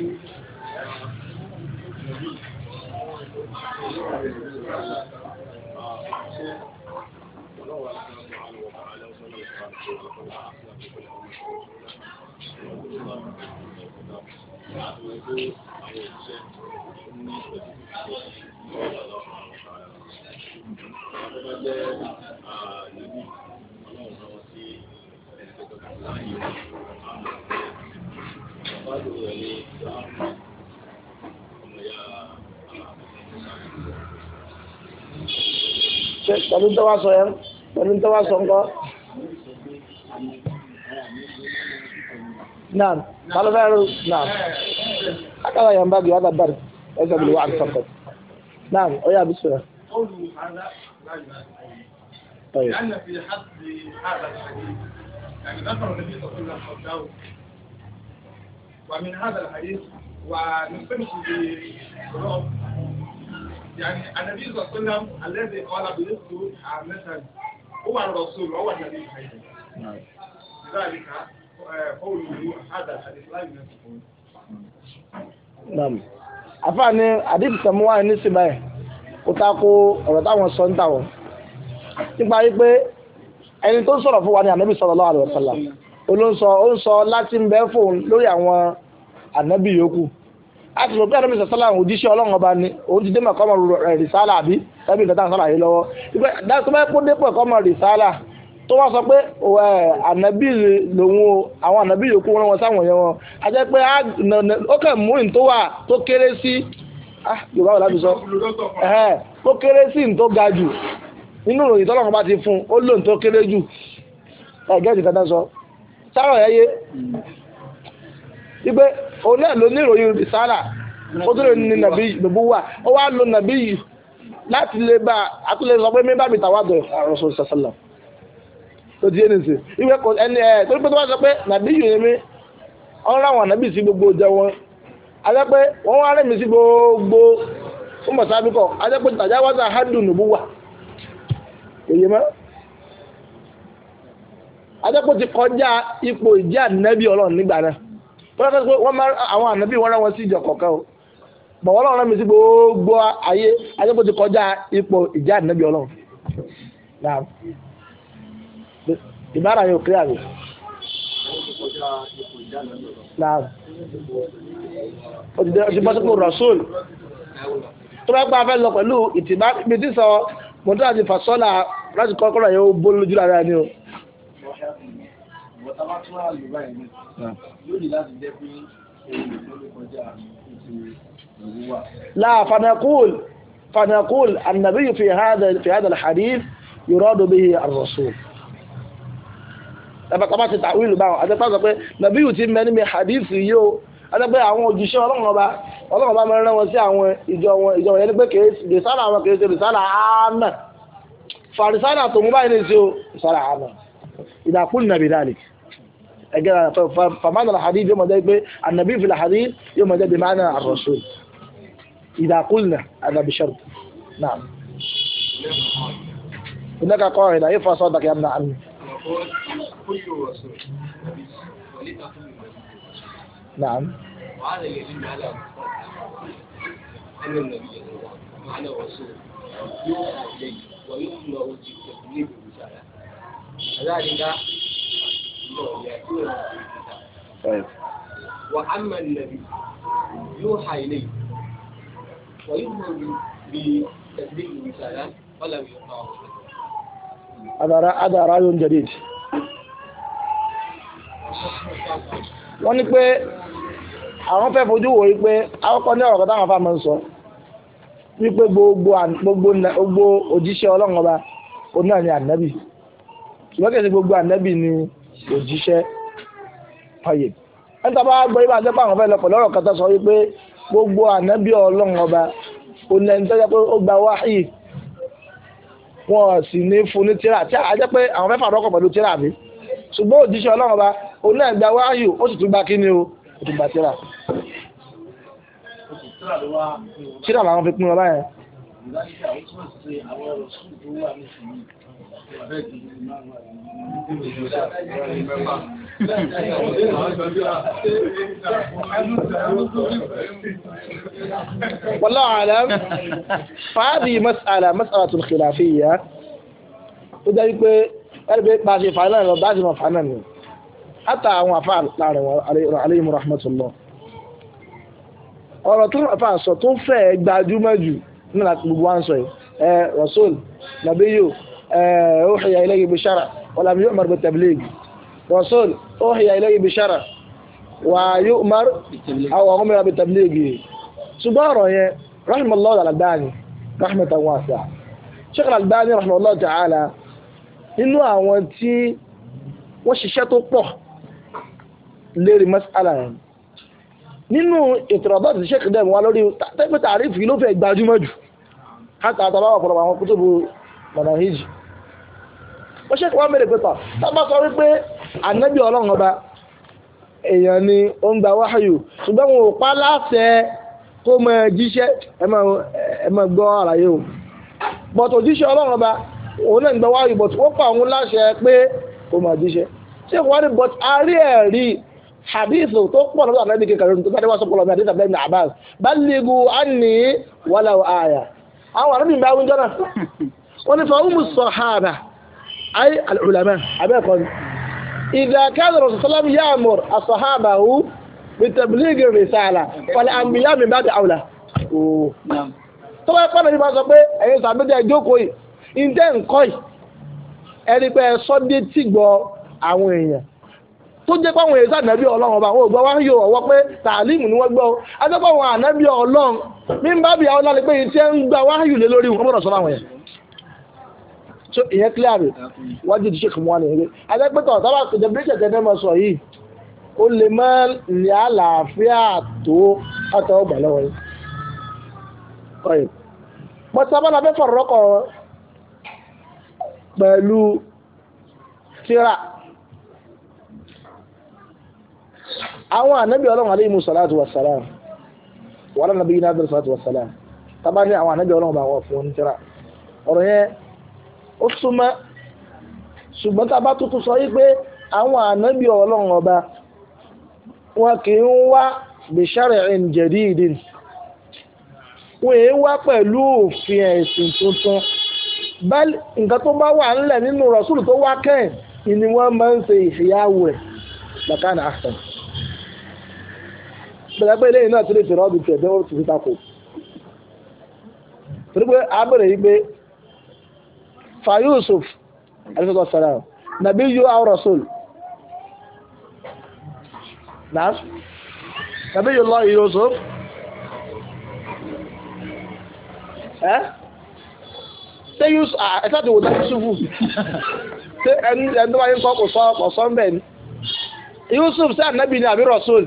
Thank you. pẹ̀lú tó wá sọ yẹn pẹ̀lú tó wá sọ nǹkan. نعم قال ظاهر نعم هكذا نعم. ينبغي هذا برد ليس بالوعد فقط نعم ويا بسرعة قوله هذا لا طيب لأن في حد هذا الحديث يعني ذكر النبي صلى الله عليه وسلم ومن هذا الحديث ونستمشي بالرؤوس يعني النبي صلى الله عليه وسلم الذي قال بنفسه عامة هو الرسول هو النبي نعم لذلك Nam. Afa ni Adib Samuwa ní síbẹ̀ yẹn, ó ta ko ọ̀rọ̀ táwọn sọ ń tà wọ̀. Nípa wípé ẹni tó sọ̀rọ̀ fún wa ni ànábì sallallahu alaihi wasallam. Olóńsọ ó ń sọ láti ń bẹ fóun lórí àwọn ànábì yòókù. A ti rò pé ànábì sọ̀sọ́lá àwọn òjíṣẹ́ ọlọ́run ọba ni òun ti dé mọ̀kọ́mọ̀ rìsálà eh, àbí ẹbí nǹkan táwọn sọ̀rọ̀ àyè lọ́wọ́. Ìgbẹ́ dákúmẹ́ kó dépò ẹ̀kọ́mọ̀ rìsálà tó wá sọ pé ànábì lòun o àwọn ànábì yòókù wọn wọn sáwọn yẹn wọn a jẹ́ pé ah, ó kàn mú ìyìn tó wà tó kéré sí ah, yorùbá wọlé àbísọ tó kéré sí ìyìn tó ga jù nínú ìròyìn tọ́lọ́kan bá ti fún un ó lóun tó kéré jù ẹ̀gẹ́ ìdí kankan sọ sáwọn ẹ̀ yé wípé òun náà ló ní ìròyìn ìsára ó tó lè ní nàbí bùbú wà ó wá lo nàbí yìí láti lè bá àtúlẹ̀ sọ pé mi bá mi tàwa dọ̀ àròsọ sallallahu tó ti ẹni ìwé kò ẹni ẹ torí pé tó bá sọ pé nàbí yìí yẹn ọ̀rọ̀ àwọn ànábì gbogbo ọjà wọn ajẹ́ pé wọ́n wá gbogbo ụmụta mọ̀sábí kọ̀ ajẹ́ pé tàjà wá sá hádùn nùbú wà kò yé pé ti kọjá ipò ìjẹ́ ànábì ọlọ́run nígbà náà pé àwọn ànábì wọ́n sí ìjọ kọ̀ọ̀kan o bọ̀ gbogbo ayé pé ti kọjá ipò ìjẹ́ ànábì ọlọ́run. ìbára yóò kílẹ̀ àmì. ó ti bọ́ sípò rasul tó bá gbà fẹ́ lọ pẹ̀lú ìtìbá ibi tí sọ mọ̀tò àti fàṣọ́là láti kọ́ kọ́ra yóò bó lójú ara ni o. لا فنقول فنقول النبي في هذا في هذا الحديث يراد به الرسول tàbá ti tàwílù báwọn àtẹ́pá sọ pé nàbíyù ti mẹ́ni mi hadith yìí o àtẹ́pẹ́ àwọn òjíṣẹ́ ọlọ́run ọba ọlọ́run ọba mẹ́rin wọn sí àwọn ìjọ wọn ìjọ wọn yẹn ni pé kèé rìsálà àwọn kèé ṣe rìsálà àmà fàrìsálà tó mú báyìí ní sí o rìsálà àmà ìdàkùn nàbì dàlí ẹgẹ́ fàmánà hadith yóò mọ̀ jẹ́ pé ànàbí fìlà hadith yóò mọ̀ jẹ́ bí mánà àròsùn ìdàkùn nà ànàbì ṣẹ́rù náà. هناك قاعدة ينفع صدق يا ابن كل رسول ولد كل نعم وعلى الذين على أن النبي معنى رسول يوحى إليه ويؤمر بتبليغ الرسالة كذلك يأتون طيب وأما النبي يوحى إليه ويؤمر بتبليغ الرسالة ولم يطاع هذا هذا رأي جديد wọ́n ní pé àwọn fẹ́ fojú wò yí pé àkọ́kọ́ ní ọ̀rọ̀ kan táwọn afáàmọ́ ń sọ wípé gbogbo gbogbo òjíṣẹ́ ọlọ́run ọba òun náà ni ànábì ṣùgbọ́n kì í ṣe gbogbo ànábì ni òjíṣẹ́ ọyẹ níta bá gbọ́ ibà jẹ́ pé àwọn fẹ́ lọ pẹ̀lú ọ̀rọ̀ kan tó sọ wípé gbogbo ànábì ọlọ́run ọba òun ẹni tó jẹ́ pé ó gba wáhìí wọn sì ní fún ní tíra tí a jẹ́ pé àwọn fẹ́ fàdọ́kọ̀ pẹ̀lú tíra mi ṣùgbọ́n òjíṣẹ́ ọlọ́run ọba o le gba wáyù ó sì tún gba kini o ó tún gba tíra tíra won fi pín wọn báyẹn. والله أعلم فهذه مسألة مسألة خلافية وده يقول قال بيت ماشي فعلا لو بعد ما فعلا àtà àwọn afa láàrin wọn aleyhi rahmatulah ọ̀rọ̀ tó afa sọ tó fẹ́ gbajúmọ̀ jù nínú àti gbogbo wa ń sọ yìí ẹ rasul nabiyu ẹ uhiya ilayhi bishara wàlám yu'mar bitabligh rasul uhiya ilayhi bishara wà yu'mar àwọn ọmọ ìyá bitabligh ṣùgbọ́n ọ̀rọ̀ yẹn rahimallahu alagbaani rahmatan wọ́n ṣiṣẹ́ tó pọ̀ lérí mas'ala yẹn nínú ìtọ̀rọ̀bọ̀ ti Sheikh dẹ̀ wá lórí tẹ́pẹ́ tàrífì ló fẹ́ gbajúmọ̀ jù káta àtàwọn ọ̀pọ̀lọpọ̀ àwọn kútùbù manahij ó Sheikh wá mẹ́rẹ̀ pẹ́tà tábà sọ wípé ànábì ọlọ́run ọba èèyàn ni ó ń gba wáhàyò ṣùgbọ́n wọn ò pa láṣẹ kó mọ jíṣẹ́ ẹ mọ gbọ́ àlàyé o bọ̀t òjíṣẹ́ ọlọ́run ọba òun náà ń gba wáhàyò bọ̀t ó pa òun láṣẹ pé kó mọ jíṣẹ́ Sheikh wá ní bọ̀t àárẹ̀ rí hadith tó pọ̀ lọ́dọ̀ ànábì kékeré tó sáré wá sọ́kọ̀ lọ́dọ̀ àdéhùn àbẹ́ni abbas ballighu anni walaw aya àwọn ànábì bá wọn jọ́nà wọn ni fàwọn mu sahaba ay al-ulama abẹ́ẹ̀kọ́ ni idha kana rasulullah ya'mur as-sahabahu bitabligi risala fal-anbiya min ba'di awla tó bá pàdé nípa sọ pé ẹ̀yin sàbẹ̀dẹ̀ ìjókòó yìí ǹjẹ́ nǹkan yìí ẹni pé sọ́dé tìgbọ́ àwọn èèyàn tó jẹ́ pé àwọn èèyàn sànàbí ọlọ́run ọba àwọn ògbọ́n wá ń yọ ọwọ́ pé tààlímù ni wọ́n gbọ́ ajẹ́pọ̀ àwọn ànábì ọlọ́run mímbà bíi àwọn ọlọ́run pé iṣẹ́ ń gba wáyù lé lórí wọn gbọ́dọ̀ sọ fáwọn yẹn. so ìyẹn clear rẹ̀ wájú ti ṣèkì wọn nìyẹn ajẹ́pẹ́tọ̀ sábà kọjá bí ìṣẹ̀tẹ̀ náà mọ̀ sọ yìí ó lè má ní àlàáfíà tó àtọwọ́ lọ́wọ́ yìí. àwọn ànábì ọlọ́run alẹ́ ìmúṣọ́láàtù wàsálàm wàlá nàbí ní àwọn ànábì ọlọ́run bá wọ́n fún wọn nítorí ṣùgbọ́n tábà tuntun sọ yí pé àwọn ọba wọn kì í wá jadidin wọn èé pẹ̀lú òfin ẹ̀sìn tuntun ni bẹ̀rẹ̀ pé eléyìí náà ti lè ṣèrọ́ọ̀bù tẹ̀ bí wọ́n ti fi takò torí pé abẹ́rẹ́ yìí pé fa Yusuf alisọ́tọ̀ sara nàbí yu aw rasul nàbí yu lọ Yusuf ẹ́ ṣé Yusuf ẹ̀ ṣáà ti wò dá Yusufu ṣé ẹni tó bá yín kọ́ kò sọ ọ̀sán bẹ́ẹ̀ ni Yusuf ṣé ànábì ni àbí rasul.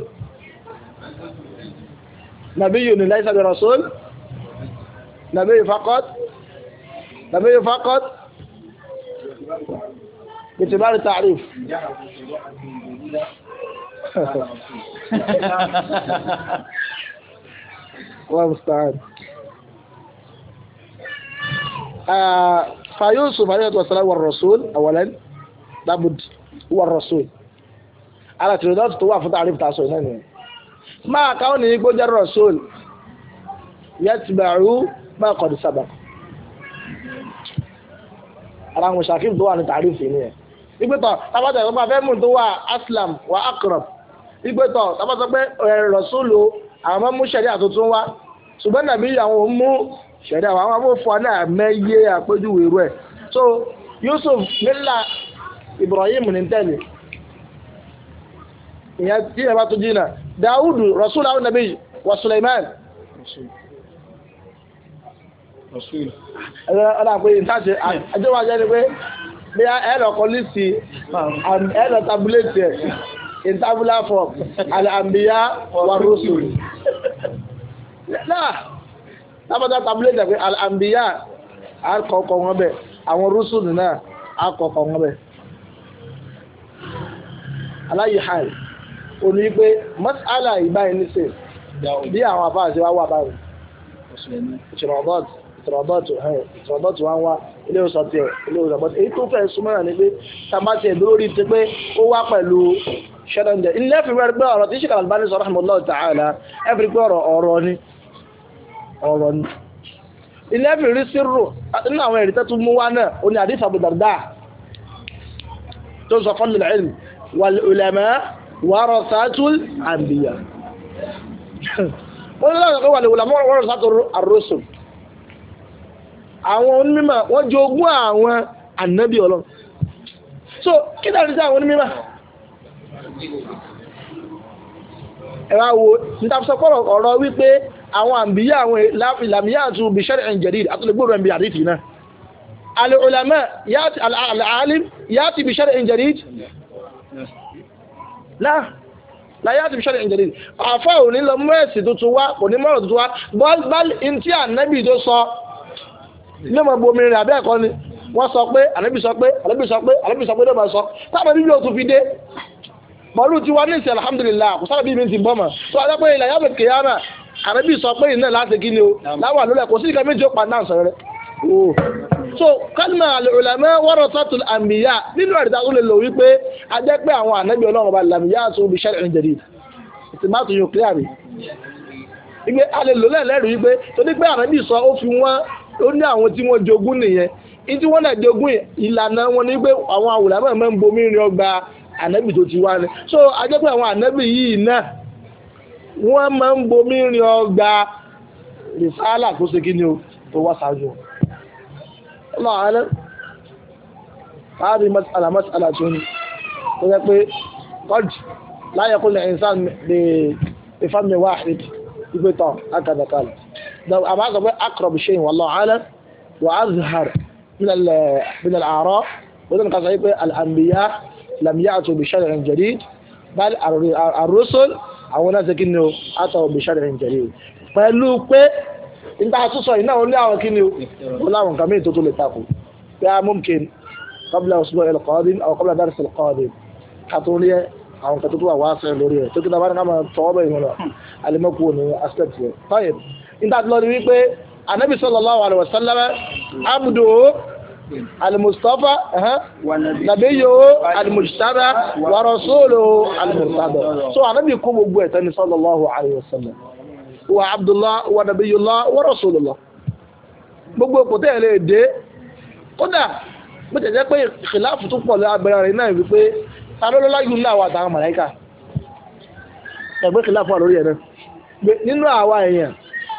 نبي ليس برسول نبي فقط نبي فقط باعتبار التعريف *laughs* الله المستعان آه، فيوسف عليه الصلاه والسلام والرسول اولا لابد هو الرسول على تريدات تطوع في تعريف تعصي نعم. máa káwọn ní igbó jẹ́ rọ̀sọ́ọ̀lù yẹtùbẹ̀rù máa kọ̀dù sábà. ara àwọn ṣàkíyèsí tó wà ní tàrífì nìyẹn. ìgbẹ́tọ̀ tábàtà ìgbà fẹ́ mú tó wà aslam wà akrab. ìgbẹ́tọ̀ tábàtà pé rọ̀sọ́ọ̀lù àwọn mú ṣẹ̀rí àtúntún wá. ṣùgbọ́n nàbí àwọn ò mú ṣẹ̀rí àwọn àwọn afọ́fọ́ náà mẹ́yẹ àpéjúwe rẹ̀. so Yusuf nílà Ibrahim ní tẹ́lẹ̀ ìyẹn tí ẹ bá tó jìnnà Dawudu rasul àwọn nàbí wa Suleiman. ẹ ọ́nà pé ìtàṣe àjọwọ́ àjẹ́ ni pé bí ẹ lọ kọ́ lísì ẹ lọ tabulẹ́tì ẹ̀ in tabular form al-anbiya wa rusul. náà tábàtà tabulẹ́tì ẹ̀ pé al-anbiya akọ̀ọ̀kọ̀ wọn bẹ̀ àwọn rusul náà akọ̀ọ̀kọ̀ wọn bẹ̀. aláyìí hàn. òní pé mọ́sálà ìbáyìí ní sè bí àwọn afáà ṣe wá wà báyìí ìtìrọ̀bọ̀t ìtìrọ̀bọ̀t ìtìrọ̀bọ̀t wá ń wá ilé ìwòsàn tiẹ̀ ilé ìwòsàn bọ̀t èyí tó fẹ́ súnmọ́ náà ni pé ti pé ó wá pẹ̀lú ṣẹ́dọ̀ǹdẹ̀ ilé fi wẹ́rẹ́ pé ọ̀rọ̀ tí ṣe kàlùbá ní sọ̀rọ̀ ta'ala ẹ fi kpe ọ̀rọ̀ ọ̀rọ̀ ni warasatul anbiya wọ́n lọ́wọ́ sọ́kọ́ wà ní wùlámọ́ warasatul ar-rusul àwọn onímọ̀ wọ́n jogún àwọn ànábì ọlọ́run so kí ni àrísí àwọn onímọ̀ ẹ wá wo nítafisọ́kọ̀rọ̀ ọ̀rọ̀ wípé àwọn àǹbíyà àwọn ìlàmíyà àti bishari ẹ̀ǹjẹ̀dìd àtúndínlẹ́gbọ̀n rẹ̀ ń bi àdìtì náà al láà láyé àti bíṣọ́lẹ̀ ìjẹ̀lẹ̀ àfọ́ òní lọ mú ẹ̀sìn tuntun wá kò ní mọ̀rọ̀ tuntun wá bọ́ọ̀lì ntí ànábì tó sọ ilé ọmọ ìbomi rìn àbẹ́ ẹ̀kọ́ ni wọ́n sọ pé ànábì sọ pé ànábì sọ pé ànábì sọ pé ló máa sọ táwọn ẹbí yóò tún fi dé pọ̀lú tiwa ní ìsìn alhamdulillah kò sábà bí mi ti bọ́ mọ̀ tó a dápẹ́ ilẹ̀ yàtọ̀ kìyàmà ànábì sọ pé ìnáà láti kí ni o láwọn àlọ́lẹ̀ kò sí ìkàmẹ́jọ́ pa náà sọ̀rọ̀ so kálímà àlùlámà warasatul anbiya nínú ẹ̀rí tó lè lò wípé a jẹ́ pé àwọn ànábì ọlọ́run ọba làmìyá tó bí shar'in jadid ìtì má tún yóò clear mi. ìgbé a lè lò lẹ́ẹ̀lẹ́rìí wípé torí pé ànábì sọ ó fi wọ́n ó ní àwọn tí wọ́n jogún nìyẹn ìtí wọ́n náà jogún ìlànà wọn ni pé àwọn àwòlámà máa ń bomi rin ọgbà ànábì tó ti wá ni so a jẹ́ pé àwọn ànábì yìí náà wọ́n máa ń bomi rin ọgbà rìsáàlà kó ṣe kí ni o tó wá ṣáájú wọn. Allah alam ààrí mas'ala mas'ala tó ní tó yẹ pé qad la yakun al-insan bi fami wahid ìgbé tán akadàkàlà àmà sọ pé aqrab shay wallahu alam wa azhar min al-a'ra wọ́n tẹ́lẹ̀ kásán yí pé al-anbiya lam ya'tu bi shar'in jadid bal ar-rusul àwọn náà ṣe bi shar'in jadid pẹ̀lú pé níta àtúnṣọ yìí náà ó lé àwọn kíni o láwọn nǹkan mìíràn tó tó lè takò pé a mọ́mkin kọ́bílà ọ̀ṣùgbọ́ ẹlẹ́kọ́ọ́dín àwọn kọ́bílà dárí sẹlẹ́kọ́ọ́dín kàtúndí ẹ àwọn nǹkan tó tó wà wá sẹ́yìn lórí ẹ̀ tó kí tábà ní ká máa tọwọ́ bẹ̀ ìmọ̀nà alimọ́kù ní aspect yẹn. tọ́yẹ̀ níta tó lọ ní wípé anabi sallallahu alaihi wasallam abdu alimustafa nabiyo alimujtaba wa rasuluhu so anabi kó gbogbo ẹ̀ tẹ́ni sallallahu alaihi wasallam wa abdullah wa nabiyullah wa rasulullah gbogbo ipò tẹ́yẹ̀ lè dé kódà bó tẹ̀ jẹ́ pé ìkìláàfù tó pọ̀ lágbára rẹ̀ náà wípé arólọ́lá yìí ńlá àwọn àtàwọn màláìka ẹ̀gbẹ́ ìkìláàfù wà lórí ẹ̀ náà nínú àwa èèyàn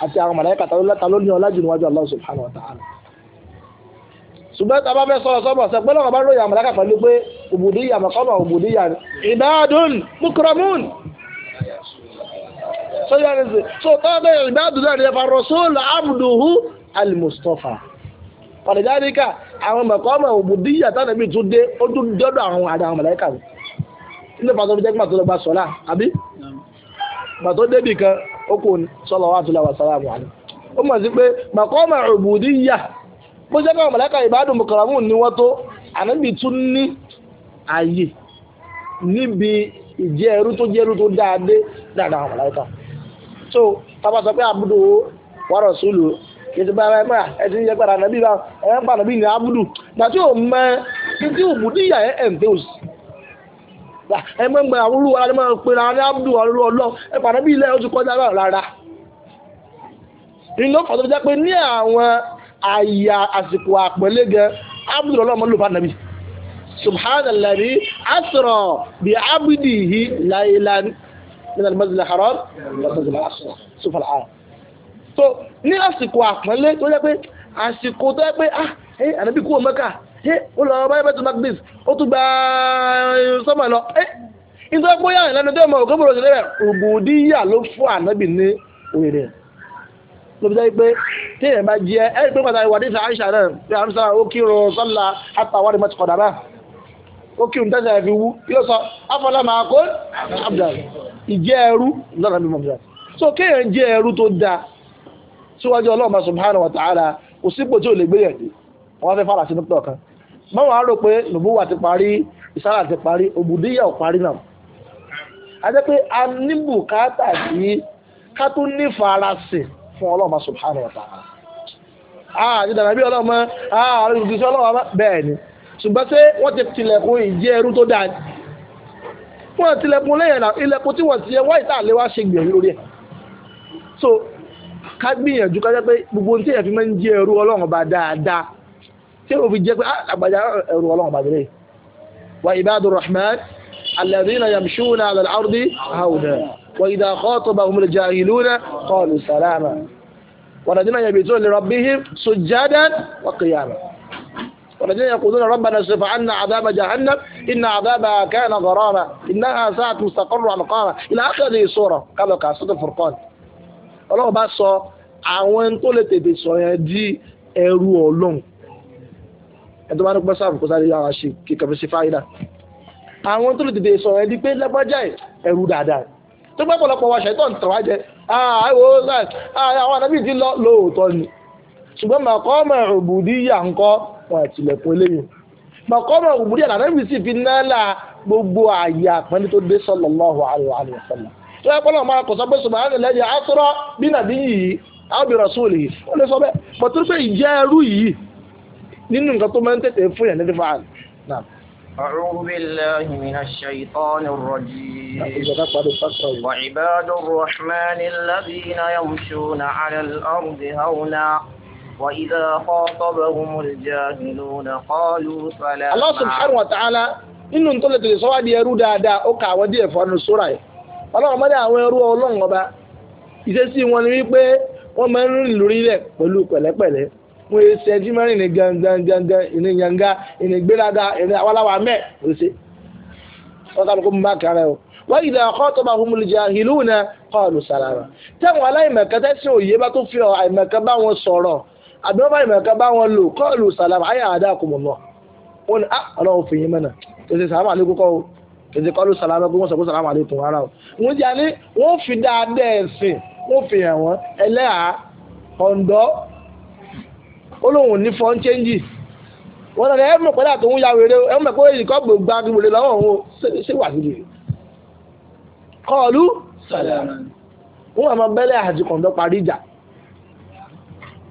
àti àwọn màláìka ta ló ní ọlá jù níwájú Allah subhanahu wa ta'ala ṣùgbọ́n tá a bá fẹ́ sọ̀rọ̀ sọ́mọ̀ sọ pé lọ́wọ́ bá lóye àmàlàkà pẹ̀lú sọ́jà ní sè so tọ́jú ìbádùn náà ní ẹ̀fà rọ̀ṣọ́ọ̀lù abduhu al-mustapha pàdéjáríkà àwọn mẹ̀kọ́mọ̀ òbúdíyà tánàbí tún dé ó tún dọ́dọ̀ àwọn àdàwọn mẹ̀láìkà rẹ̀ ilé pàtó fi jẹ́ pé màtó lọ gba sọ́lá àbí màtó débì kan ó kò ní sọ́lá wa tún lọ wà sára mu níbi ìjẹ́ ẹrú tó jẹ́ tó dáadé dáadáa àwọn mẹ̀láìkà so tọ́ba sọ pé abudu wa rasulu kìtì bá ẹ mọ́ ẹtì yẹ gbàdá nàbí bá ẹ ń pa nàbí ní abudu nàti ò mọ títí òbú ní ìyá ẹ ń tẹ òsì ẹ mọ mọ àwọn olúwa ni wọn pe ara ní abudu ọlọ́run ọlọ́run ẹ pa nàbí ilẹ̀ oṣù kọjá báwọn rárá inú fọ́tò jẹ́ pé ní àwọn àyà àsìkò àpẹẹlẹ gan abudu ọlọ́run ló bá nàbí subhanallah asra bi abidihi lailan. من المسجد الحرام إلى المسجد الأقصى شوف الآية so ní àsìkò àpọ́nlé tó jẹ́ pé àsìkò tó jẹ́ pé ah ẹ ànábì kúrò Mẹ́kà ẹ ó lọ bá ẹbẹ́ tó Macbeth ó tún gba eh, sọ́mà lọ ẹ eh, nítorí pé yàrá ìlànà tó yẹ mọ òkè bòrò sílẹ̀ ògbòdìyà ló fún ànábì ní òyìnbó ló fi jẹ́ pé téèyàn bá jẹ ẹ ẹ pé pàtàkì wà ní ìfẹ́ àìsàn náà bí àwọn sọ ó kírun sọ́la àtàwọn ìmọ̀ ti kọ̀ dàbà ó kírun tẹ́sí àfi wú yóò sọ afọlá máa kó abdul ìjẹ́ ẹrú lọ́nà bí mọ̀gbìn so kéèyàn jẹ́ ẹrú tó dáa síwájú ọlọ́ọ̀bá subhanahu wa ta'ala kò sípò tí ò lè gbéyàn dé wọ́n fẹ́ fara sí nípa ọ̀kan mọ́wọ́n á rò pé nùbúwà ti parí ìsára ti parí òbùdíyà ò parí náà a jẹ́ pé a ní bùkátà sí ká tún ní farasin fún ọlọ́ọ̀bá subhanahu wa ta'ala àti dànàbí ọlọ́ọ̀mọ́ àrùn ìgbésí ọlọ́ọ̀mọ́ bẹ́ẹ̀ ni ṣùgbọ́n ṣé wọ́n ti tilẹ̀kùn ìjẹ́ ẹrú tó dáa ni wọ́n tilẹ̀kùn lẹ́yìn ilẹ̀kùn tí wọ́n ti yẹ wáyé tá a lè wá ṣe gbìyànjú lórí ẹ̀ so ká gbìyànjú ká jẹ́ pé gbogbo ohun tí èèyàn fi máa ń jẹ́ ẹrú ọlọ́run bá dáadáa tí èèyàn fi jẹ́ pé ah, àgbàjá ẹrú ọlọ́run bá délé wa ibadu rahman alladhina yamshuna ala al-ardi hawna wa idha khatabahum al-jahiluna qalu salama wa alladhina yabituna li rabbihim sujjadan wa qiyama. والذين يقولون ربنا اصرف عنا عذاب جهنم إن عذابها كان غراما إنها ساعة مستقر ومقامة إلى آخر هذه السورة كما كان صوت الفرقان ọlọ́run bá sọ àwọn tó lè tètè sọ yẹn di ẹrú ọlọ́run ẹ̀tọ́ bá ní pẹ́ sáà kó sáré yàrá ṣe kíkà fi ṣe fáyidà àwọn tó lè tètè sọ yẹn di pé lágbájá ẹrú dáadáa tó gbẹ́ pọ̀lọpọ̀ wa ṣẹ̀tọ́ ní tàwa jẹ àwọ̀ àwọn àdábì ti lọ lóòótọ́ ni ṣùgbọ́n màkọ́ mọ̀ òbùdíyà ńkọ́ wọn àtìlẹ̀kùn eléyìí mọ̀kọ́rọ̀ òmùdí ànábì fi nálà gbogbo àyè àpẹẹrẹ tó dé sallallahu alaihi wa sallam tó yẹ kọ́lọ́ máa kọ̀ sọ pé sọ̀rọ̀ àná lẹ́yìn asra bí nàbí yìí àwọn bí rasúlì ó lè sọ bẹ́ẹ̀ bọ̀ tó ìjẹ́ ẹrú yìí nínú nǹkan tó máa ń tètè fún yàn وإذا خاطبهم الجاهلون قالوا سلاما الله سبحانه وتعالى inú tó lè tètè sọ́wádìí ẹrú dáadáa ó kà àwọn díẹ̀ fọ́nù sóra ẹ̀ ọlọ́run mọ́dé àwọn ẹrú ọlọ́run ọba ìṣesí wọn ni wípé wọ́n máa ń rìn lórí ilẹ̀ pẹ̀lú pẹ̀lẹ́pẹ̀lẹ́ wọ́n yé ṣe ẹtí mẹ́rin ní gangan ìní yanga ìní gbéraga ìní awaláwa mẹ́ ò ṣe wọ́n kálukú mú bá kára o wọ́n yìí dáa kọ́ tọ́ba fún mulija ìlú náà kọ́ ọ̀dùn sàlámà tẹ́wọ̀n aláìmọ̀kẹ́tẹ́sí òye bá tó fi àìmọ̀kẹ́ bá wọn sọ̀rọ̀ àbẹ́wọ́fà ìmọ̀ọ́kan bá wọn lò kọ́ọ̀lù sàlámù ayé àdá kò mọ̀ náà wọn ni ah ọlọ́run fìyín mọ́nà tètè sàlámù àlékún kọ́ o tètè kọ́ọ̀lù sàlámù pé wọ́n sọ pé sàlámù àlékún rárá o. wọ́n jà ní wọ́n fi dáadẹ́ ẹ̀sìn wọ́n fi hàn wọ́n ẹlẹ́hà ọ̀ǹdọ́ olóhùn ní fọ́n chẹ́ńjì wọ́n náà ẹ̀ mọ̀ pẹ́lú àtòun ya wèrè ẹ̀ mọ̀ pé ìkọ́ gbòògbà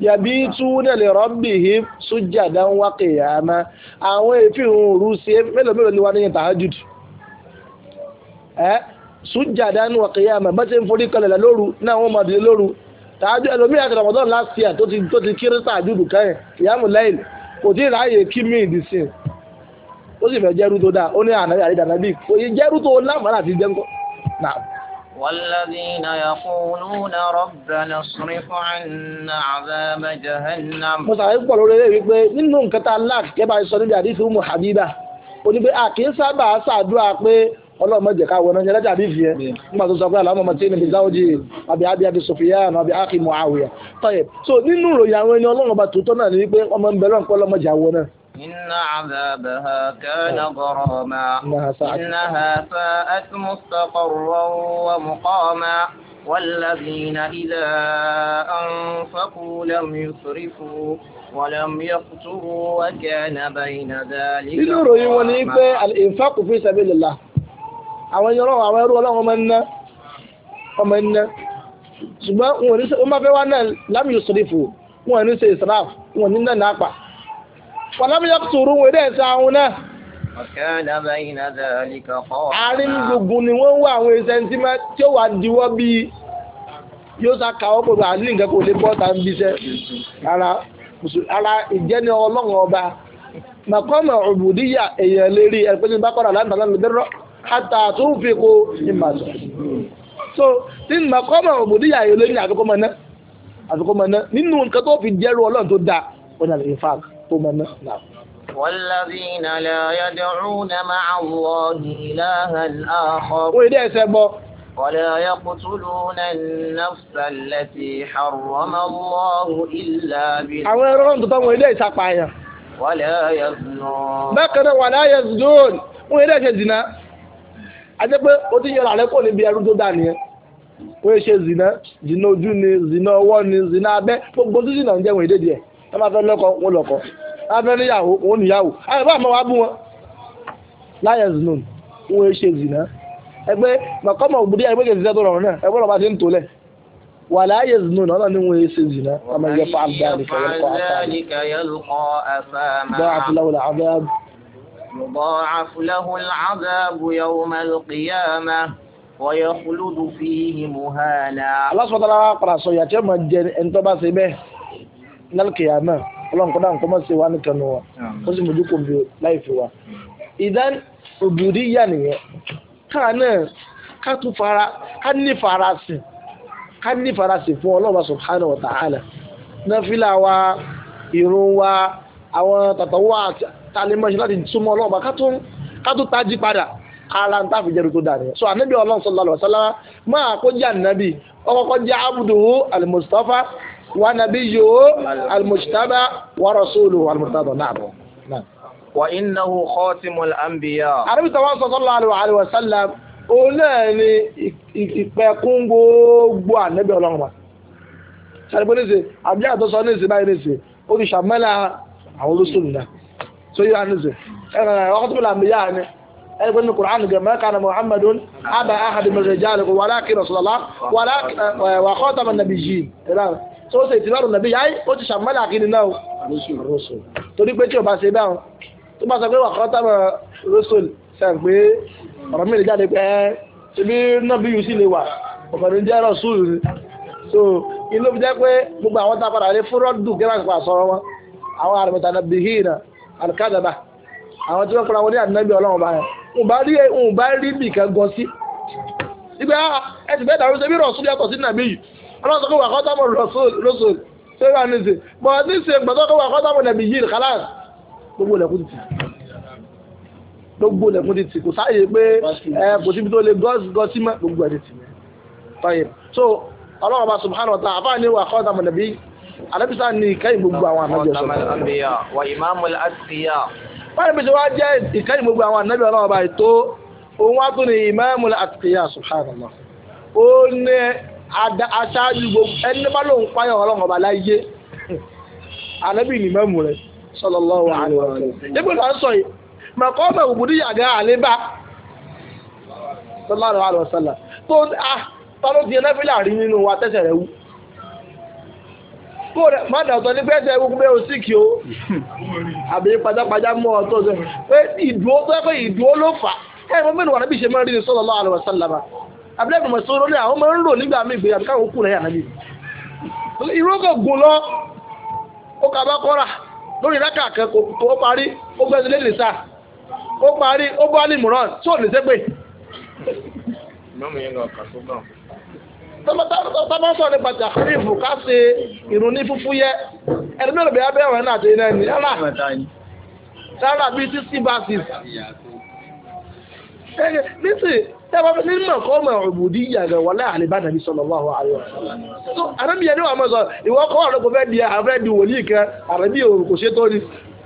yabituna li rabbihim sujjadan wa qiyama àwọn èéfìhùn òru ṣe mélòó mélòó ni wọ́n ní tahajjud sujjadan wa qiyama bá ṣe ń forí kalẹ̀ lóru náà wọ́n máa dìde lóru tahajjud ẹlòmíì àti last year tó ti tó ti kiri tahajjud kẹ́yìn ìyàmù lẹ́yìn kò tí ì ráàyè kí mí ìdìsìn ó sì fẹ́ jẹ́rú tó dáa ó ní kò والذين يقولون ربنا اصرف عنا عذاب جهنم. mo sàlàyé pọ̀ lórí eléyìí pé nínú nǹkan tá a láà kẹ́ bá a kì í sábà ṣàdúrà pé ọlọ́run mọ̀ ká wọná yẹn lẹ́jà àdìsí yẹn nígbà tó sọ pé àlọ́ ọmọ tí ní bíi záwọ́jì àbí àbí àbí Sufyan àbí àkì Muawiya. tọ́yẹ̀ so nínú ìròyìn àwọn ẹni ọlọ́run ọba tòótọ́ náà ni wípé ọmọ ń bẹ lọ́nkọ́ ọlọ́mọdé àwọn إن عذابها كان غراما إنها ساءت مستقرا ومقاما والذين إذا أنفقوا لم يسرفوا ولم يقتروا وكان بين ذلك nínú ìròyìn wọn ni pé al-infaq fi sabilillah àwọn ẹni ọlọ́run àwọn ẹrú ọlọ́run ọmọ ẹ̀ná ọmọ ẹ̀ná ṣùgbọ́n wọn ò ní ṣe wọn bá fẹ́ wá náà lam yusrifu wọn ò ní ṣe israf wọn ò ní náà náà pa wàlámù yàtúrú wọn dẹ̀ sá àwọn náà. àárín gbogbo ni wọ́n wá àwọn sẹ́ńtímẹ́ tí ó wà diwọ́ bíi yóò sá kàwọ́ pẹ̀lú àlín nǹkan kò lè bọ́ ta ń bíṣẹ́ ara ara ìjẹ́ni ọlọ́run ọba màkọ́mọ̀ òbòdìyà èèyàn lérí ẹ̀pẹ́ ní bá kọ́ra láǹtà náà lóbẹ́rọ́ àtà tó ń fi kó ìmàlẹ̀ so tí màkọ́mọ̀ òbòdìyà èèyàn lérí àfikọ́mọ̀ náà àfikọ́mọ̀ náà nínú nǹkan tó fi jẹ́rú ọlọ́run tó dáa ó ní àlè tó máa ná. والذين لا يدعون مع الله إلها آخر ولا يقتلون النفس التي حرم الله إلا بالحق àwọn ẹ̀rọ ń tọ́tọ́ wọn ilé ìsapààyàn. ولا يزنون. bákan náà ولا يزنون wọn ilé ìṣe zina àti pé o ti yọra rẹ kò níbi ẹrú tó dà nìyẹn wọn ṣe zina zina ojú ni zina ọwọ́ ni zina abẹ́ tó zina ń jẹ́ wọn wọ́n máa fẹ́ lọ́kọ wọn lọ́kọ wọ́n níyàwó wọn níyàwó àyè bá àmọ́ wa bú wọn. láyẹ̀s nùn wọn ò ṣe zìnà ẹgbẹ́ màkọ́mọ̀ òbúdí ẹgbẹ́ kejì sẹ́tò rọrùn náà ẹgbẹ́ lọ́ba ti ń tolẹ̀ wà láyẹ̀s nùn ọ̀nà ni wọn ò ṣe zìnà ọmọ ìyẹn fún abdul يضاعف له العذاب يوم القيامة ويخلد فيه مهانا الله سبحانه وتعالى قرأ سوية ما جن انتبه سبه lálùkìyàmẹ́ ọlọ́run kọ́dà nǹkan mọ̀ sí wa nìkan nù wọn ó sì mójú kò bí láì fi wa. ìdán òbíòdì yà nìyẹn káà náà ká tún fara ká ní farasi, ká ní farasi. fún ọlọ́run subhanahu wa ta'ala náfìlà wa ìrun wa àwọn wa àtàlẹ́mọ̀ṣẹ́ láti súnmọ́ ọlọ́run bá ká tún tají padà ara ta fi jẹrù tó dà nìyẹn so anabi ọlọ́run sallallahu alaihi wasallam máa kó jẹ anabi ọkọkọ jẹ abudu alimustafa ونبيه المجتبى ورسوله المرتضى نعم نعم وإنه خاتم الأنبياء عربي تواصل صلى الله عليه وسلم onáàni ìpẹ̀kún gbogbo ànẹ́bẹ̀ ọlọ́run wa ṣàlùkò ní ìsìn àbí àtọ́sọ ní ìsìn báyìí ní ìsìn ó ti ṣàmẹ́lá àwọn olóṣèlú náà tó yíra ní ìsìn ẹ̀rọ ọkọ̀ tó bẹ̀rẹ̀ àmì yára ni ẹgbẹ́ ní kùránì gẹ̀mẹ́ kánà muhammadun abba ahadi min rijalikum walakin rasulullah walakin wa khataman nabiyyin tó ṣe ìtìlọ́rùn nàbí yáyí ó ti ṣàmọ́lẹ̀ àkíní náà o torí pé tí o bá ṣe báwọn tó bá sọ pé wà kọ́tà mọ̀ rọ́sọ̀l sàn pé ọ̀rọ̀ mi lè jáde pé ẹ́ ṣebí nàbí yìí sì lè wà ọ̀kọ̀rin jẹ́ rọ̀ṣùl ni so inú mi jẹ́ pé gbogbo àwọn tá a padà rí fúrọ́dù gẹ́gẹ́ àgbà sọ̀rọ̀ wọn àwọn àrùmọ̀tà nàbí yìí nà àlùkàdàbà àwọn tí wọ́n fara wọn ní ànábì ọlọ́run báyẹn n bá rí n bá rí bìkan gan sí ibẹ̀ ẹ ọlọ́run sọ pé wàá kọ́tàmù rọ́sùl rọ́sùl sẹ́wà ní sè bọ̀ ní sè gbọ́dọ̀ pé wàá kọ́tàmù nàbí yìí kálá gbogbo lẹ́kùn ti gbogbo lẹ́kùn ti kò sáàyè pé ẹ kò síbi tó lè gọ́sí mọ́ gbogbo ẹ̀ ti tọ́yẹ̀ so ọlọ́run bá subhanahu wa ta'ala àbáyé wàá kọ́tàmù nàbí alábísà ní ìkẹyìn gbogbo àwọn àmọ́jọ báyìí bí wọ́n jẹ́ ìkẹyìn gbogbo àwọn ànábì ọlọ́run báyìí tó òun wá tún ní ìmáàmù àtìkìyà subhanallah aṣáájú gbogbo ẹni tó bá lòun páyọ̀ ọlọ́run ọba láyé ànábì ní mẹ́mú rẹ̀ sallallahu alaihi wasallam. nígbà tó ń sọ yìí màkà ọmọ òbúdí yàgá àlébà sallallahu alaihi wasallam tó a tọ́lú ti ẹlẹ́fẹ́ láàrin nínú wa tẹ́sẹ̀ rẹ̀ wú. kó rẹ̀ má dà ọ̀tọ̀ ní pé gbogbo ẹ̀ ò sì o àbí pajápajá mọ́ ọ tó ṣe pé ìdúró tó yẹ abúlẹ́bùn mọ̀sọ́rọ́ ní àwọn máa ń lò nígbà míì gbé àbíkáwọn òkú rẹ̀ ànábì irú kò gùn lọ ó kà bá kọ́ra lórí rákà kẹ́kọ̀ọ́ ó parí ó gbẹ́sẹ̀ lé nìsa ó parí ó bọ́ ní mùrán tí ò ní sẹ́gbẹ̀. tọ́mọ́tọ́ sọ nípa jàkúrì ìfò ká ṣe ìrun ní fúfú yẹ ẹni mẹ́rin bẹ́ẹ̀ bẹ́ẹ̀ wọ̀nyí àti iná ẹni yálà sára bíi sixty basis. nísìnyí tẹ́wọ́n fi nínú ẹ̀kọ́ ọmọ ọ̀bùdí yàgẹ̀ wọlé àlebá nàbí sallallahu alaihi wasallam. àrẹ́bí yẹn ni wọ́n mọ̀ sọ ìwọ kọ́ ọ̀rọ̀ kò fẹ́ di àrẹ́ di wòlíì kan àrẹ́bí òru kò ṣe tó ní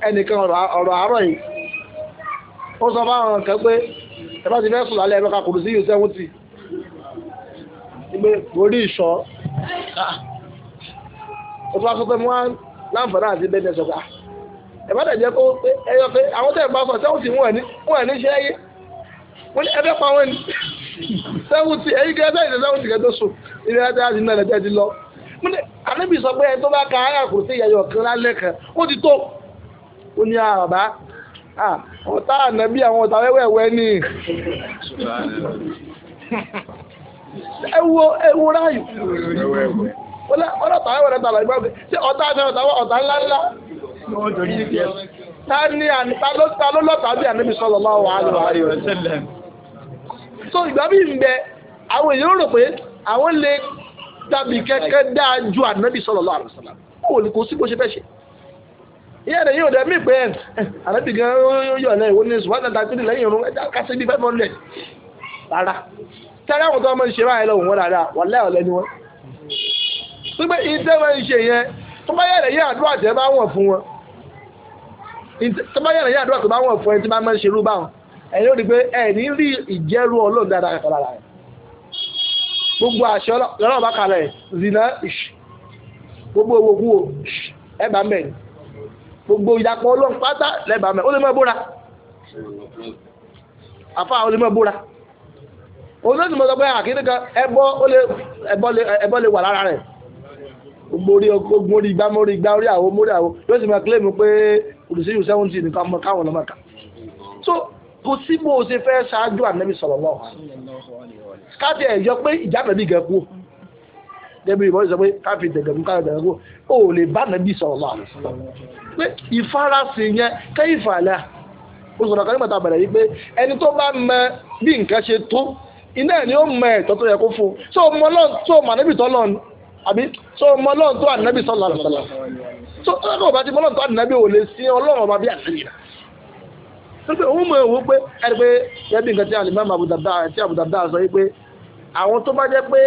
ẹnìkan ọ̀rọ̀ àárọ̀ yìí. ó sọ fáwọn kan pé ẹ bá ti fẹ́ sùn lálẹ́ ẹ bá ka kùrù sí yìí sẹ́wọ́n tì. orí ìṣọ́ ah. ó tún wá sọ pé mo wá láǹfààní àti bẹ́ẹ̀ wọ́n ní ẹgbẹ́ pa wọ́n ni sẹ́wùtì ẹ̀yìn kí ẹgbẹ́ ìṣẹ́ sẹ́wùtì kẹ́tọ́ sùn ilé ẹgbẹ́ àti náà lẹ́jẹ́ ti lọ. àníbi sọ pé ẹni tó bá ka ara kò sí ìyàyọ̀ kan lálẹ́ kan ó ti tó ó ní àràbá ọ̀tá ànábì àwọn ọ̀tá wẹ́wẹ́wẹ́ ni. ẹ wo ẹ wo ráàyè ọlọ́tà wẹ́wẹ́ rẹ̀ tà láì gbọ́dọ̀ ṣé ọ̀tá àti ọ̀tá ńlá ńlá ta ni ta ló lọ́tà bí ànábì sallallahu alaihi wa sallam So ìgbà bí ń bẹ àwọn èèyàn rò pé àwọn lè dàbí kẹ́kẹ́ dáa ju ànábì sallallahu alaihi wasallam kò ní kò sí bó ṣe fẹ́ ṣe ìyá rẹ̀ yóò dẹ̀ mí pé eh, ànábì gan yóò lẹ́ ìwọ ní sùn wọ́n dàgbà tìrì lẹ́yìn irun ẹja kásí bí five hundred rárá tẹ́lẹ̀ àwọn tó ọmọ ìṣe báyìí lọ́wọ́ wọn dáadáa wà lẹ́yìn ọ̀lẹ́ ni wọ́n. pípẹ́ ìdẹ́ wọn ìṣe yẹn tó bá yàrá yẹ àdúrà tẹ́ bá wọ̀n fún wọn tó bá yàrá yẹ àdúrà tó bá wọ̀n fún ẹ tí bá máa ń ṣerú báwọn ẹ̀yin ó rí i pé ẹ̀ní rí ìjẹ́rú ọlọ́run dáadáa kọ́ lára rẹ̀ gbogbo àṣọ lọ́rọ̀ bá kalẹ̀ zina gbogbo owó wo ẹ̀bà mẹ́rin gbogbo ìdàpọ̀ ọlọ́run pátá lẹ́bà mẹ́rin ó lè mọ́ bóra àfa ó lè mọ́ bóra òun ló sì mọ́ sọ pé àkíní kan ẹbọ ẹbọ lè wà lára rẹ̀ mórí mórí igbá mórí igbá orí àwo mórí àwo yóò sì máa kílèmù pé olùsíyù sẹ́wọ̀ntì nìkan mọ́ káwọn ọ̀nà máa kà so kò sí bó o ṣe fẹ́ ṣáájú ànábì sallallahu alaihi wasallam káàtì ẹ̀ yọ pé ìjà ànábì gẹ̀ kú débi ìbọn ìsọ pé káàfin dẹ̀gẹ̀ mú káàfin dẹ̀gẹ̀ kú ó lè bá ànábì sallallahu alaihi wasallam pé ìfarasin yẹn kẹ́yìn fàlà ó sọ̀rọ̀ kan nígbà tá a bẹ̀rẹ̀ yìí pé ẹni tó bá so mọ lọ́n tó mọ ànábì so mọ lọ́n tó ànábì so ọlọ́run ọba ti mọ lọ́n tó pé òun mọ̀ òun pé ẹni pé yẹ́bí nǹkan tí alimam Abu Darda tí Abu Darda sọ yìí pé àwọn tó bá jẹ́ pé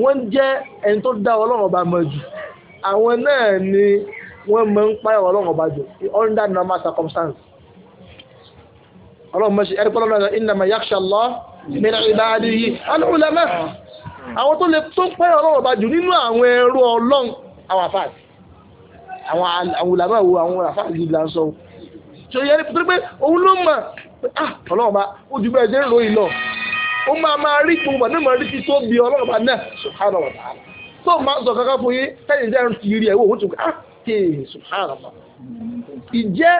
wọ́n jẹ́ ẹni tó dá ọlọ́run ọba mọ̀ jù àwọn náà ni wọ́n mọ̀ ń pa ọlọ́run ọba jù under normal circumstance ọlọ́run mọ̀ṣẹ́ ẹni pọ́lọ́run náà innama yakhsha Allah min ibadihi al-ulama àwọn tó lè tó pa ọlọ́run ọba jù nínú àwọn ẹrú ọlọ́run àwọn àfáàsì àwọn ulama wo àwọn àfáàsì yìí là ń sọ ṣe yẹn nítorí pé òun ló mọ̀ pé ah ọlọ́run bá ó ju bẹ́ẹ̀ ṣe ń ròyìn lọ ó máa máa rí gbogbo àná máa rí ti tó bí ọlọ́run bá náà subhanahu wa ta'ala tó máa sọ kankan fún yín tẹ́yìn jẹ́ ti rí ẹ̀ wò ó tún ah kéè subhanahu wa ìjẹ́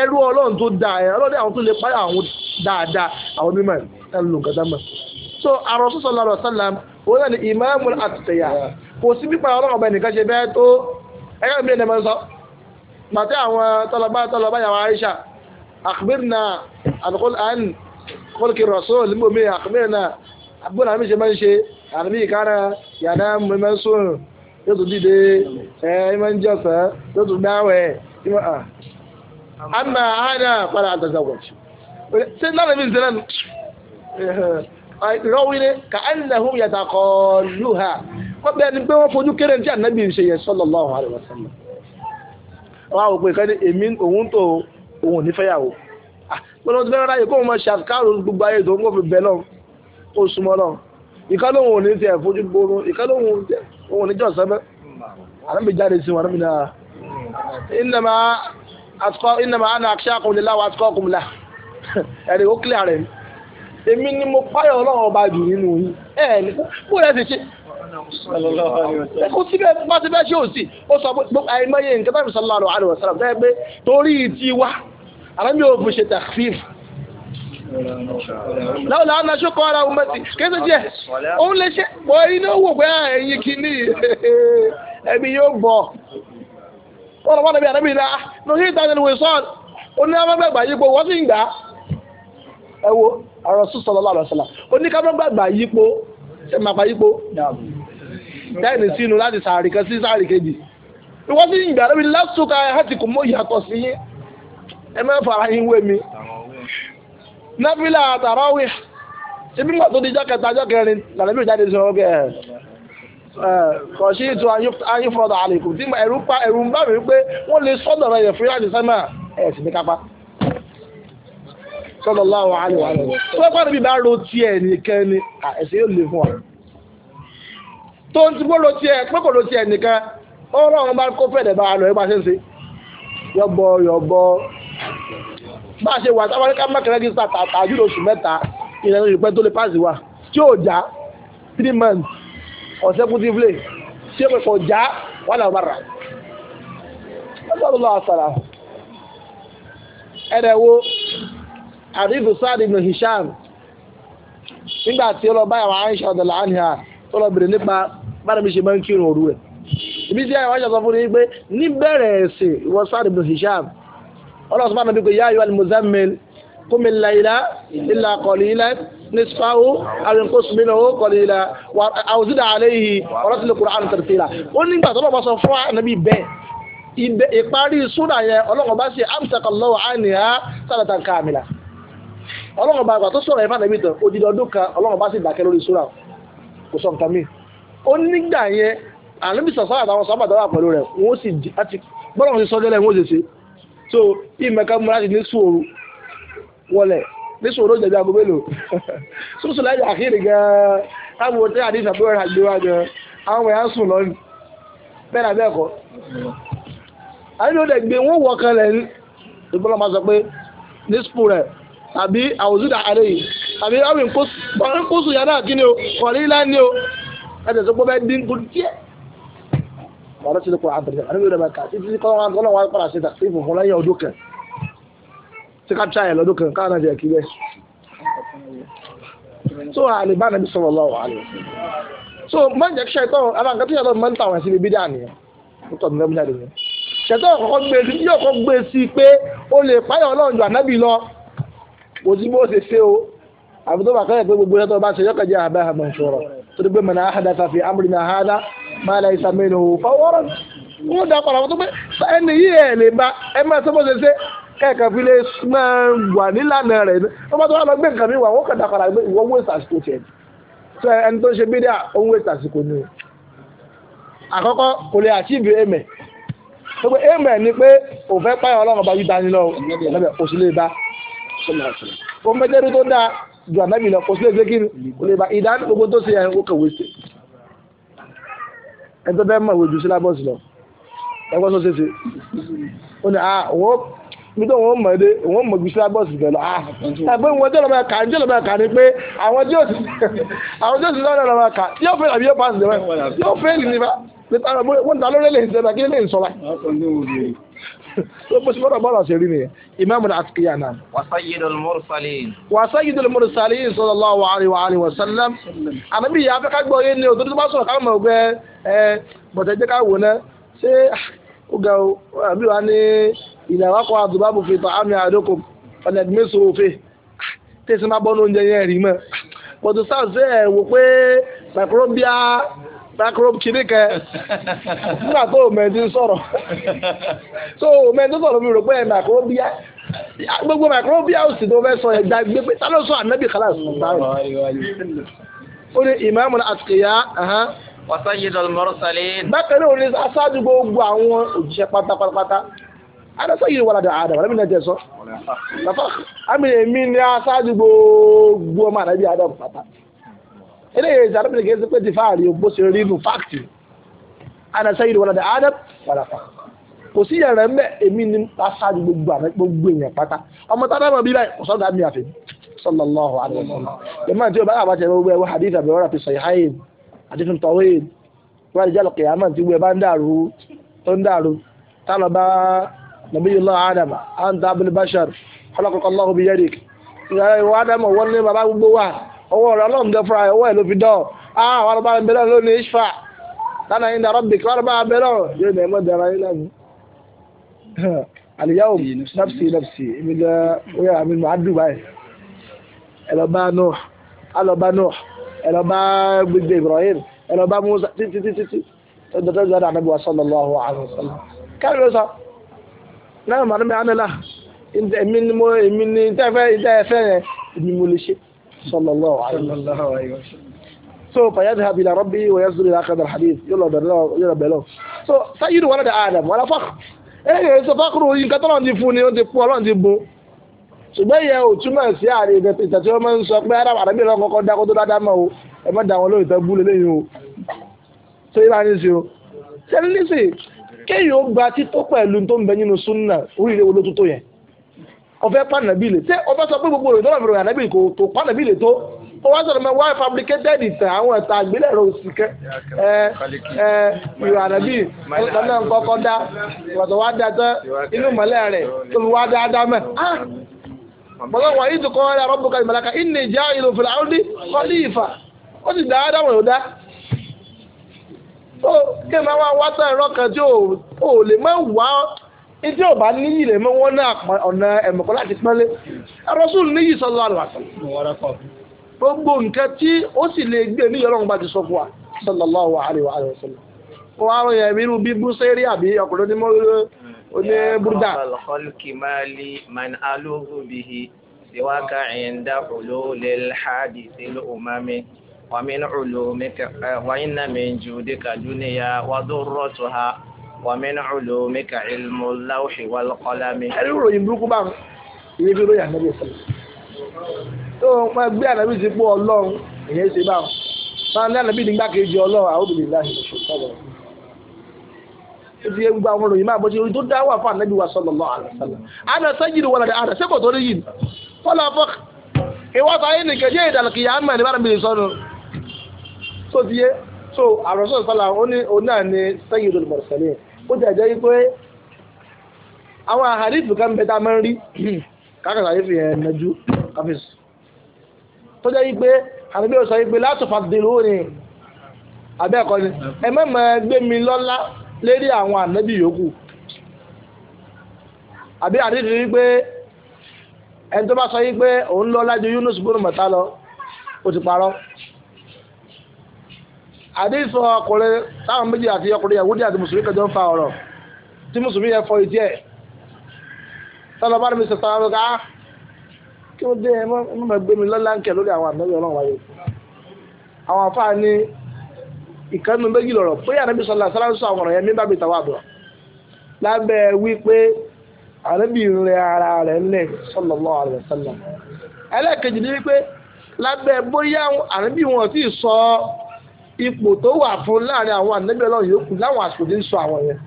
ẹrú ọlọ́run tó dáa ẹ̀ ọlọ́run àwọn tó lè pa àwọn dáadáa àwọn mímọ̀ ẹ̀ lò nǹkan dámọ̀ so àròsọ sọlá rọ sálà òun náà ni ìmáàmù àtìtẹ̀yà kò sí pípa ọlọ́run ọba ẹnìkan ṣe bẹ́ẹ̀ tó ẹgbẹ́ gbàtẹ́ àwọn tọlọba tọlọba yàwó Aisha akhbirna àdúgbòl àn kólkì rasul níbomi akhbirna àbúrò àmì ṣe máa ń ṣe àmì ìkára yàrá mẹ́mẹ́ sùn yóò tún dìde ẹ̀ ẹ́ máa ń jọ̀sán yóò tún dáwẹ̀ ah. àmà àádá padà àtàzàwọ̀jì ṣe lára bí ìṣẹ́lẹ̀ ìrọ̀wí ni ka annahum yàtàkọ̀ lù ha ni pé wọ́n fojú kéré tí ànábì ń ṣe sallallahu alaihi wasallam àwọn àwọn òpin kan ní èmi òun tó òun ò ní fẹ́yàwó gbọ́dọ̀ tó fẹ́ ráyè kó mọ ṣàkárò gbogbo ayé tó ń kó fi bẹ̀ náà ó súnmọ́ náà ìkan lóhun ò ní tiẹ̀ fojú gbóòórùn ìkan lóhun òun ò ní jọ̀sán mẹ́ àdàbí jáde sí wọn àdàbí náà ìnàmà àtúkọ ìnàmà àná àkṣàkùn lè láwọn àtúkọ ọkùnrin lá ẹ̀rí ó kílẹ̀ rẹ̀ èmi ni mo páyọ̀ ọlọ́run ọba jù nínú yín ẹ̀ ní kó rẹ̀ ti ṣe kò sí bẹ́ẹ̀ bá ti bẹ́ẹ̀ ṣe òsì ó sọ pé àìmọye nǹkan bá mi sallallahu alaihi wasallam bẹ́ẹ̀ pé torí ti wá àmọ́ mi ò fi ṣe takhfif láwùlà á naṣọ kọ́ ara ọmọ ti kéde díẹ̀ òun lè ṣe pọ̀ iná wò pé ah, ẹ̀yin kìíní *laughs* ẹ̀mí yóò bọ̀ wọ́n lọ́ wọ́n lọ́bi ìlà lórí ìtàn ìwé sọ́ọ̀n oníkàmọ́gbàgbà yípo wọ́n sì ń gbà ẹ̀wọ̀ àròsù sallallahu alaihi wasallam oníkàmọ́gbàgbà tẹ́ẹ̀nì sínú láti sàárì kan sí sàárì kejì ìwọ́n sì ń gbàdúrà lásùkà láti kò mọ ìyàtọ̀ sí yín ẹ má fara yín wé mi. náfìlà tàràwì ṣebí mọ̀ di lànà sọ̀rọ̀ kẹ àlèkùn tí ń bá mi pé lè sọdọ fún sì ní kápá láwọn àlèwà tó bá ro tiẹ̀ ni ẹ̀sìn yóò fún tó ń tigbó lo tiẹ̀ pé kò lo tiẹ̀ nìkan ọlọ́run bá kó fẹ̀dẹ̀ bá a lọ ipa ṣẹ́ṣe yọ̀bọ yọ̀bọ bá a ṣe wà sáwọn ká mọ́kẹ́rẹ́ kí n sà tààtà àjúlò oṣù mẹ́ta ìrìnàjò ìpẹ́ tó lè páàsì wa tí ò já three months consecutively tí ó pè fọ̀ já wà náà bára ọlọ́run lọ́wọ́ sọ̀rọ̀ ẹ̀rẹ̀ wo àrídù sáàdì ibn Hisham nígbà tí ó lọ báyàwó Aisha ọ̀dọ̀lá àníhà tó lọ bèrè nípa bára mi ṣe máa ń kírun òru rẹ̀ ibi tí àwọn aṣọ fún mi pé níbẹ̀rẹ̀ ẹ̀sìn ìwọ Sa'd ibn Hisham ọlọ́sùn bá nàbí pé yá ayyuhal muzammil qumil layla illa qalilan nisfahu aw inqus minhu qalilan aw zid alayhi warattil qur'ana tartila ó nígbà tó lọ́wọ́ sọ fún ànábì bẹ́ẹ̀ ibẹ̀ ìparí súnà yẹn ọlọ́wọ́ bá ṣe amsakallahu anha salatan kamila ọlọ́wọ́ bá gbà tó sọ̀rọ̀ ẹ̀fà nàbí tán odidi ó yẹn ànábì sọ̀sọ́ àtàwọn sọ́ọ́bà tó wà pẹ̀lú ati wọ́n si àti bọ́lá wọn ti so ìmẹ̀ká múra ti ní sùúrù wọlé ní sùúrù jẹ̀bi aago mélòó *laughs* sùsù láyé àkíyèrè gan-an táwọn òtẹ́ àdìs àbúrò àgbéwá gan àwọn ọmọ yà ń sùn lọ́nù bẹ́ẹ̀ náà bẹ́ẹ̀ kọ́ gbé wọ kan máa sọ pé ní tàbí ẹ̀sẹ̀ sọ pé bẹ́ẹ̀ dín kù díẹ̀ ọ̀rọ̀ sí ní kùrán àtẹ̀jẹ̀ àníbi rẹ̀ mẹ́ka títí tí kọ́lọ́wọ́ àgọ́lọ́ wa padà sí ta sí ìfòfò lẹ́yìn ọdún kan tí ká tíra yẹn lọ́dún kan káà náà jẹ́ kí bẹ́ẹ̀. so àlè bá nàbí sọ̀rọ̀ lọ́wọ́ àlè so má jẹ́ kí ṣẹ́tọ́ ara nǹkan tí yàtọ̀ máa ń tàwọn ẹ̀sìn ibi dáa nìyẹn ó tọ̀ nílẹ̀ bíjà nìyẹn ṣẹ́tọ́ kọ́kọ́ gbé sí yóò kọ́ gbé sí pé o lè páyọ̀ ọlọ́run ju ànábì lọ kò sí bó ṣe ṣe o àfi tó pé gbogbo ẹ̀tọ́ bá ṣe yọ́kẹ́jẹ́ àbẹ́ àmọ́ ìṣòro torí pé mọ̀nà ahdatha fi amrina hadha ma laysa minhu fọwọ́rọ́ wọ́n dà padà wọ́n tó pé ẹni yìí ẹ̀ lè ba ẹ máa tó bó ṣe ṣe kẹ́ẹ̀kan fi lè máa wà nílànà rẹ̀ wọ́n bá tó wà lọ gbé nǹkan mi wà wọ́n kàn dà padà pé ìwọ́n wéṣà sí kò tiẹ̀ tó ẹni tó ń ṣe bídíà ó ń wéṣà sí kò àkọ́kọ́ kò lè àchíìbì èmẹ̀ gbogbo èmẹ̀ ni pé òfẹ́ páyọ̀ ọlọ́run ọba yíta ni lọ òsì lè ba òun tó dáa ju ànábì lọ kò sí lè ṣe kí kò lè ba ìdá gbogbo tó ṣe yẹn ó kàwé ṣe ẹni tó bẹ́ẹ̀ mọ̀ ìwé ju sílábọ̀sì lọ ẹgbẹ́ tó ṣe ṣe ó ní à wọ́n mi tó wọ́n mọ̀ ẹ́ dé wọ́n mọ̀ ju sílábọ̀sì bẹ̀ lọ à ah, ẹgbẹ́ wọn jẹ́ lọ́mọ ẹ̀ka jẹ́ lọ́mọ ẹ̀ka ni pé àwọn tí yóò ti *laughs* àwọn tí yóò ti lọ́mọ ẹ̀ka yóò fẹ́ àbí yóò pass bó ṣe bọ́rọ̀ bọ́rọ̀ ṣe rí al-atqiya náà. wa sayyidul mursalin. wa sayyidul mursalin sallallahu wa alihi wa sallam. a yà á fẹ́ ká gbọ́ ni o torí tó bá sọ̀rọ̀ ká ẹ ga o backroom kìíní kan nígbà tó mẹ́tí sọ̀rọ̀ tó mẹ́tí sọ̀rọ̀ mi rò pé ẹ̀ màkúróbíà gbogbo màkúróbíà ó sì tó fẹ́ sọ ẹ̀ gbàgbé pé sálọ́ sọ ànábì kálá sọ̀tàrọ̀ ó ní ìmáàmù àtìkìyà wàtá yìí dọ̀lù mọ́rọ́ sálẹ̀. bákan náà ní aṣáájú gbogbo àwọn òjíṣẹ́ pátápátá adásọ yìí wà ládàá àdàbà lẹ́mìnà jẹ sọ àmì èmi ní aṣáájú gbogbo ọmọ eléyìí ìjà lóbìnrin kì í ṣe pé ti fáàrí o bó ṣe rí inú fáàkì ana sayyidu walada adam wala fa kò sí yẹrẹ ń bẹ èmi ni aṣáájú gbogbo àná gbogbo èèyàn pátá ọmọ tá a dábàá bí báyìí ọ̀sán dàmí àfẹ sallallahu alaihi wa sallam jẹ́mọ́ àti ọba àbájá gbogbo ẹwọ́ hadith àbẹ̀wò rà fi sahihayn àti fi tawhid wọ́n àdìjá lọ kìyàmọ́ àti gbogbo bá ń dàrú tó ń dàrú tá lọ bá nabiyullah adam anta abul bashar khalaqaka Allahu biyadik ọwọ́ rẹ̀ ọlọ́run gẹ fúnra ọwọ́ ẹ̀ ló fi dán ah àwọn ọba ń bẹ̀rẹ̀ lónìí ishfa lánà yín dàrọ́ bìkì wọn bá bẹ̀rẹ̀ yóò nà ẹ̀ mọ́ dara yín lẹ́nu. àlìyáwó *laughs* nafsi nafsi èmi gẹ oyè àmì mà á dùn báyìí ẹ lọ bá Nuh á lọ bá Nuh ẹ lọ bá gbígbé Ibrahim ẹ lọ bá Musa títí títí tọ́jú tọ́jú ọ̀dà ànábì wa sallallahu alaihi wasallam káyọ̀ ló sọ náà màdùnmí ànálà èmi ni mo èmi ni ìtẹ́fẹ́ yẹn صلى الله عليه وسلم صلى الله عليه وسلم so فيذهب إلى ربي ويصدر إلى آخر الحديث يلا بلو يلا so سيد ولد آدم ولا فخر ẹ̀yẹ sọ fákúrò yìí nǹkan tọ́lọ́ ti fún ni ó ti kú ọlọ́run ti bu ṣùgbọ́n ìyẹn ò túmọ̀ sí àárẹ̀ ìgbẹ́tẹ̀ ìtàn tí wọ́n máa ń sọ pé adam àdàbí ìlọ́kọ̀ kọ́ dákó tó dáadáa mọ́ o ẹ má da wọn lóyún tán bú lélẹ́yìn o ṣé yìí máa ní sí o ṣé ní sí kéèyàn ó gba tító pẹ̀lú tó ń bẹ nínú súnà oríire wo ló tó tó ọfẹ pa nàbí ṣé ọfẹ sọ pé gbogbo òròyìn náà ànábì kò tó pa tó ó wá sọ̀rọ̀ mẹ fabricated ìtàn àwọn ẹ̀ta àgbélẹ̀rọ òsìkẹ́ ẹ ẹ ànábì kọ́kọ́ dá ìwàtọ̀ wá dá tán inú rẹ̀ tó wá dá ah, dá mẹ́ bọ́lá ìdí ọba níyì lè mọ wọn náà ọ̀nà ẹ̀mọ̀kọ́ láti pẹ́lẹ́ Rasul níyì sallallahu alaihi wasallam gbogbo nǹkan tí ó sì lè gbé níyì ọlọ́run bá ti sọ fún wa sallallahu alaihi wasallam wọn á rọ yẹn mi rú bí búṣẹ́rì àbí ọkùnrin ní mọ́rẹ́rẹ́ oní búrúdà. ọlọ́kì máa lè man alóhù bí i ومن علومك علم اللوح والقلم. ẹni ròyìn burúkú bá mi ìwé fi ròyìn ànábì sí tó máa gbé ànábì sí pé ọlọ́run ìyẹn ṣe bá wọn máa ní ànábì nígbà kejì ọlọ́run àwọn obìnrin láti ṣe sọ̀rọ̀ ó ti yẹ gbogbo àwọn ròyìn máa bọ́ sí orí tó dá wà fún ànábì wa sallallahu alaihi wasallam àná sẹ́yìn wọlé àná sẹ́kọ̀ọ́ tó rí yìí fọlá fọ́k ìwọ́ sọ ayé nìkan ṣé ìdàlùkì yà á mọ̀ nígbà mi sọnù tó ti so àròsọ ìfọlá ó ní òun náà ní sayyidul ó ti ẹ̀jẹ̀ wípé àwọn àhàlífù kan bẹ tá a máa ń rí káàkiri àhàlífù yẹn nàjú káfíìsì tó jẹ́ wípé àbíbí ò sọ wípé látò fàdìrú ni abẹ́ẹ̀kọ́ ni ẹ má máa gbé mi lọ́lá lérí àwọn ànábì yòókù àbí àdìrí wípé ẹni tó bá sọ wípé òun lọ́lá ju Yunus bónú mọ̀tá lọ ó ti parọ́ àdéhùsọ ọkùnrin táwọn méjì àti ọkùnrin yahudi àti mùsùlùmí kẹjọ ń fa ọ̀rọ̀ tí mùsùlùmí yẹn fọ ìdí ẹ̀ sọlọ bá mi sọsọ àwọn ká kí wọ́n dé ẹ mọ́ mọ́ gbé mi lọ́lá ń kẹ lórí àwọn àmì ọlọ́run wáyé àwọn afáà ní ìkànnì méjì lọ̀rọ̀ pé ànábì sọlá sọlá ń sọ àwọn ọ̀rọ̀ yẹn mí bá mi tàwa àbúrò lábẹ́ wípé ànábì rẹ ara rẹ̀ ńlẹ̀ sallallahu alaihi wasallam ẹlẹ́ẹ̀kejì ní wípé lábẹ́ bóyá ànábì wọn ò ipò tó wà fún láàrin àwọn ànágbé ọlọ́run yòókù láwọn àsìkò tí ń sọ àwọn yẹn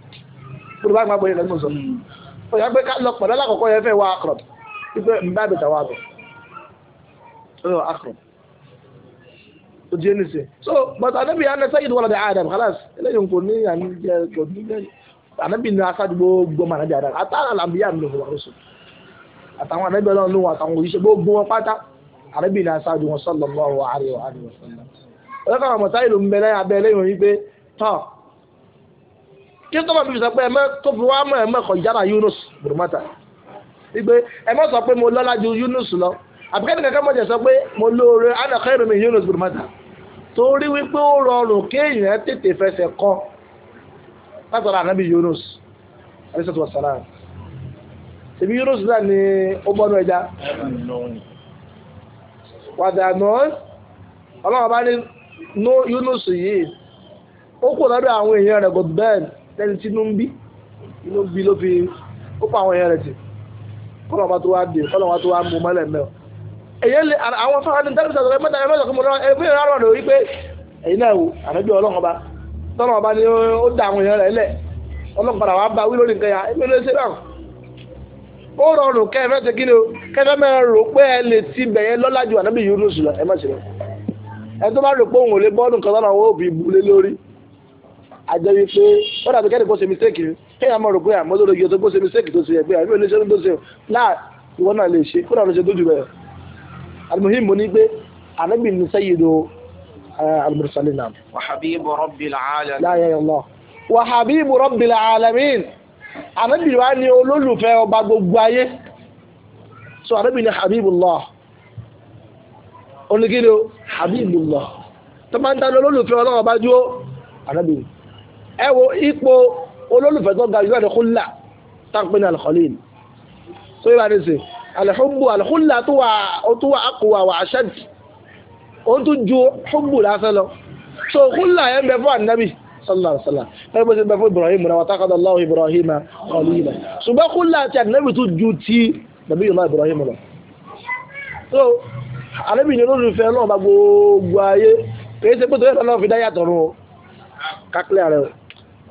gbogbo àgbà gbogbo ìlànà sọ ọ yà pé ká lọ pọ̀ lọ́la kọ̀ọ̀kọ́ yẹn fẹ́ wá akọ̀rọ̀ wípé mbà bẹ̀tà wà bọ̀ ọ akọ̀rọ̀ o jẹ́ ní so but anabi yà nẹ́sẹ̀ yìí wọ́n lọ́dẹ̀ adam kalas. eléyìí kò ní yàn jẹ́ kò ní yàn anabi ní asájú gbogbo mà nàbí adam àtàwọn àlàbí yà nínú wà lóṣù àtàwọn anabi ọlọ́run ló wà àtàwọn òyìṣẹ́ gbogbo wọn pátá anabi ní asájú wọn sallallahu alaihi wa sallam ọlọ́kọ̀ àwọn mọ̀tá ìlú ń bẹ lẹ́yìn abẹ́ lẹ́yìn orí pé tọ́ kí tó bá fi sọ pé ẹ mẹ́ tó fi wá mọ̀ ẹ kọ̀ yára Yunus bùrùmọ́tà wípé ẹ mọ̀ sọ pé mo lọ́lá ju Yunus lọ àbíkẹ́ nìkan kan mọ̀ jẹ́ sọ pé mo lóore ana khairu min Yunus bùrùmọ́tà torí wípé ó rọrùn kéèyàn tètè fẹsẹ̀ kọ́ látara ànábì Yunus alẹ́ sọ́tù wàsálà ṣèbí Yunus náà ni ó bọ́nú ẹja wàdà náà ọlọ́run bá ní ní Yunus yìí ó kò lọ́dọ̀ àwọn èèyàn rẹ̀ godben lẹ́ni tí inú ń bí inú bí ló fi ó pa àwọn èèyàn rẹ̀ tì kọ́nà ọba tó wá dé kọ́nà ọba tó wá mú mọ́lẹ̀ mẹ́ọ̀ èyí lè àwọn fáwọn ní tẹ́lifíṣà sọ̀rọ̀ mẹ́ta ẹ̀fẹ́ sọ̀rọ̀ mọ́tò ẹ̀fẹ́ ìrìn àrọ̀ rẹ̀ wí pé èyí náà wò ànábì ọlọ́run ọba tọ́nà ọba ni ó da àwọn èèyàn rẹ̀ lẹ̀ ọlọ́run padà wá bá wí lórí nǹkan yà ẹ̀mí ló ṣe báwọn ó rọrùn kẹfẹ́ ṣe kí ni o kẹfẹ́ mẹ́rin rò pé ẹ lè ti bẹ̀yẹn lọ́lá ju ànábì Yunus lọ ẹ má ṣe lọ ẹni tó bá rò pé òun ò lè bọ́ọ̀dù kan lọ́nà àwọn òbí bu lé lórí àjẹ́ yìí pé ó dàbí kẹ́ni kó ṣe mistake kéèyàn mọ̀ rò pé àmọ́ lórí iye tó kó ṣe mistake tó ṣe ẹgbẹ́ àbí oníṣẹ́ tó ṣe náà ìwọ náà lè ṣe kó náà ṣe tó jù bẹ́ẹ̀ alimuhim mo ní pé anabi eh, ni olólùfẹ́ ọba gbogbo ayé so anabi ni oníkíni o Habibullah tó máa ń dáná olólùfẹ́ ọlọ́wọ́ bá dúró ànábì ẹ wo ipò olólùfẹ́ tó ga ìlú àdìkúnlà táǹpé ní al-khalil tó yẹ bá ní sè al-hubbu al-khulla tó wà tó wà aqwa wa ashad ó tún ju hubbu lásán lọ so kúnlà yẹn bẹ fún ànábì sallallahu alaihi wasallam bẹ́ẹ̀ bó ṣe bẹ fún ibrahim rẹ wàtá kadà allahu ibrahim khalila ṣùgbọ́n kúnlà àti ànábì tó ju ti nàbí yorùbá ibrahim lọ àlébì ni olólùfẹ́ náà bá gbogbo ayé kìí ṣe pé torí ẹ̀ka náà fi dá yàtọ̀ rún o kákílẹ̀ rẹ o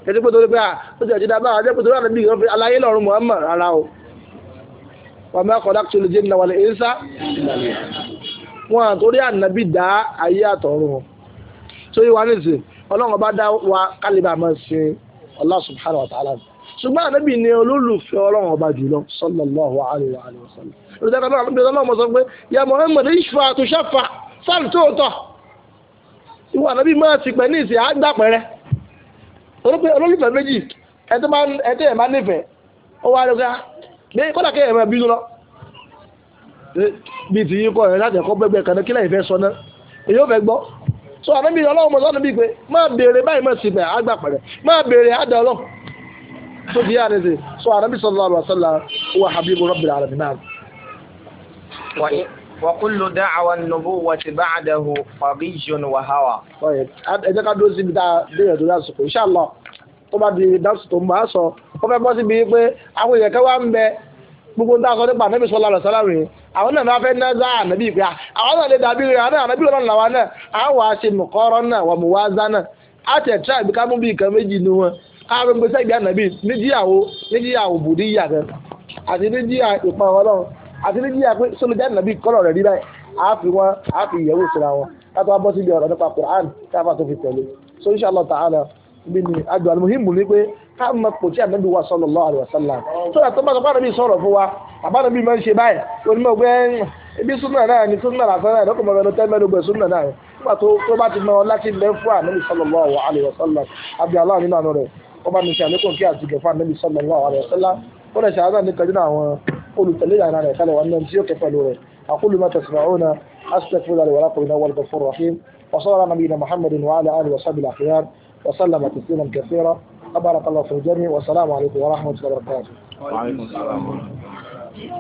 kìí ṣe pé torí pé à ó ti ẹ̀jẹ̀dá báwa jẹ́ pé torí àlébì náà fi aláyé lọ́rùn Muhammad rárá o wàá mẹ́kọ̀ọ́ khalaqtu al-jinna wal-insa wọn àtòrí ànábì dá ayé àtọ̀run o tó yẹ wá nísìnyí ọlọ́run ọba dá wa kálíbà máa sin Allah subhanahu wa ta'ala ni ṣùgbọ́n ànábì ni olólùfẹ́ ọlọ́run ọba jùlọ sallallahu alaihi wa sallam olùdarí ọlọ́run àbíbi ọlọ́run ọmọ sọ pé ya Muhammad ishfa tu shafa sáàlù tó tọ̀ ìwọ ànábì máa ti pẹ̀ ní ìsìn àgbà pẹ̀rẹ́ olólùfẹ́ méjì ẹ̀tẹ́ ẹ̀ máa nífẹ̀ẹ́ ó wá lọ́gá pé kọ́dà kẹ́ ẹ̀ máa bínú lọ bíi ti yí kọ́ ẹ̀ láti ẹ̀kọ́ gbẹgbẹ kan kí láì fẹ́ sọ náà èyí ò fẹ́ gbọ́ so ànábì ọlọ́run ọmọ sọ́nà bíi pé máa béèrè báyìí máa ti pẹ̀ àgbà pẹ̀rẹ́ máa béèrè àdà ọlọ́run tó di yára ṣe so àrẹ́bí sallallahu alaihi wasallam wà habibu rabbil alamin náà. وكل دعوى النبوة بعده فريج وهوى طيب ẹ jẹ́ ká dúró síbi tá a béèrè tó lásìkò inṣàlá tó bá di dáṣù tó ń bá sọ ó fẹ́ bọ́ síbi pé àwọn èèyàn kan wá ń gbogbo nta sọ nípa ànábì sọlá lọsọlá rè àwọn náà máa fẹ́ ná zá ànábì pé àwọn náà lè dàbí rẹ àwọn ànábì lọ́nà làwọn náà àwọn àṣemùkọ́rọ́ náà wàmúwá zá náà àti ẹ̀tíra ìbíkámú bíi kan méjì ni wọn àrùn gbèsè ìgbà nàbí níjìyàwó níjìyàwó bùdíyà kan àti níjìyà ìpọn ọlọ́run àti níjìyà pé sólùjá nàbí kọ́lọ̀ rẹ̀ rí báyìí àáfi wọn àáfi ìyẹ̀wò síra wọn káàtó wá bọ́ síbi ọ̀rọ̀ nípa Qur'an káfà tó fi tẹ̀lé so insha Allah ta'ala ibi ni àjọ àlùmọ́hìmù ni pé ká mọ kò tí ànábì wa sallallahu alaihi wasallam tó yà tó bá sọpá ànábì sọ̀rọ̀ fún wa àbá ànábì máa ń ṣe báyìí onímọ̀ pé ibi súnà náà ni súnà làásán náà lọ́kùnrin ọ̀rọ̀ tẹ́lẹ̀ lọ́gbẹ̀ súnà náà nígbà tó bá ti mọ láti lẹ́ fún ànábì sallallahu alaihi wasallam àbí aláàánú náà rẹ̀ ọba mi ṣe àlékún kí àti gẹ̀fà níbi sọ́lọ̀ ńlá àwọn ẹ̀sọ́lá ó lè ṣàádọ́ ní kẹjú náà àwọn olùtẹ̀lé ìlànà rẹ̀ kálẹ̀ wà nínú tí yóò kẹ́ pẹ̀lú rẹ̀ àkúlù mẹ́ta sìmáhónà astaghfirullah wa lakum innahu huwal ghafurur rahim wa sallallahu nabiyina muhammadin wa ala alihi wa sahbihi al-akhyar wa sallama tasliman kathira abarak allah fi jami wa salamu alaykum wa rahmatullahi wa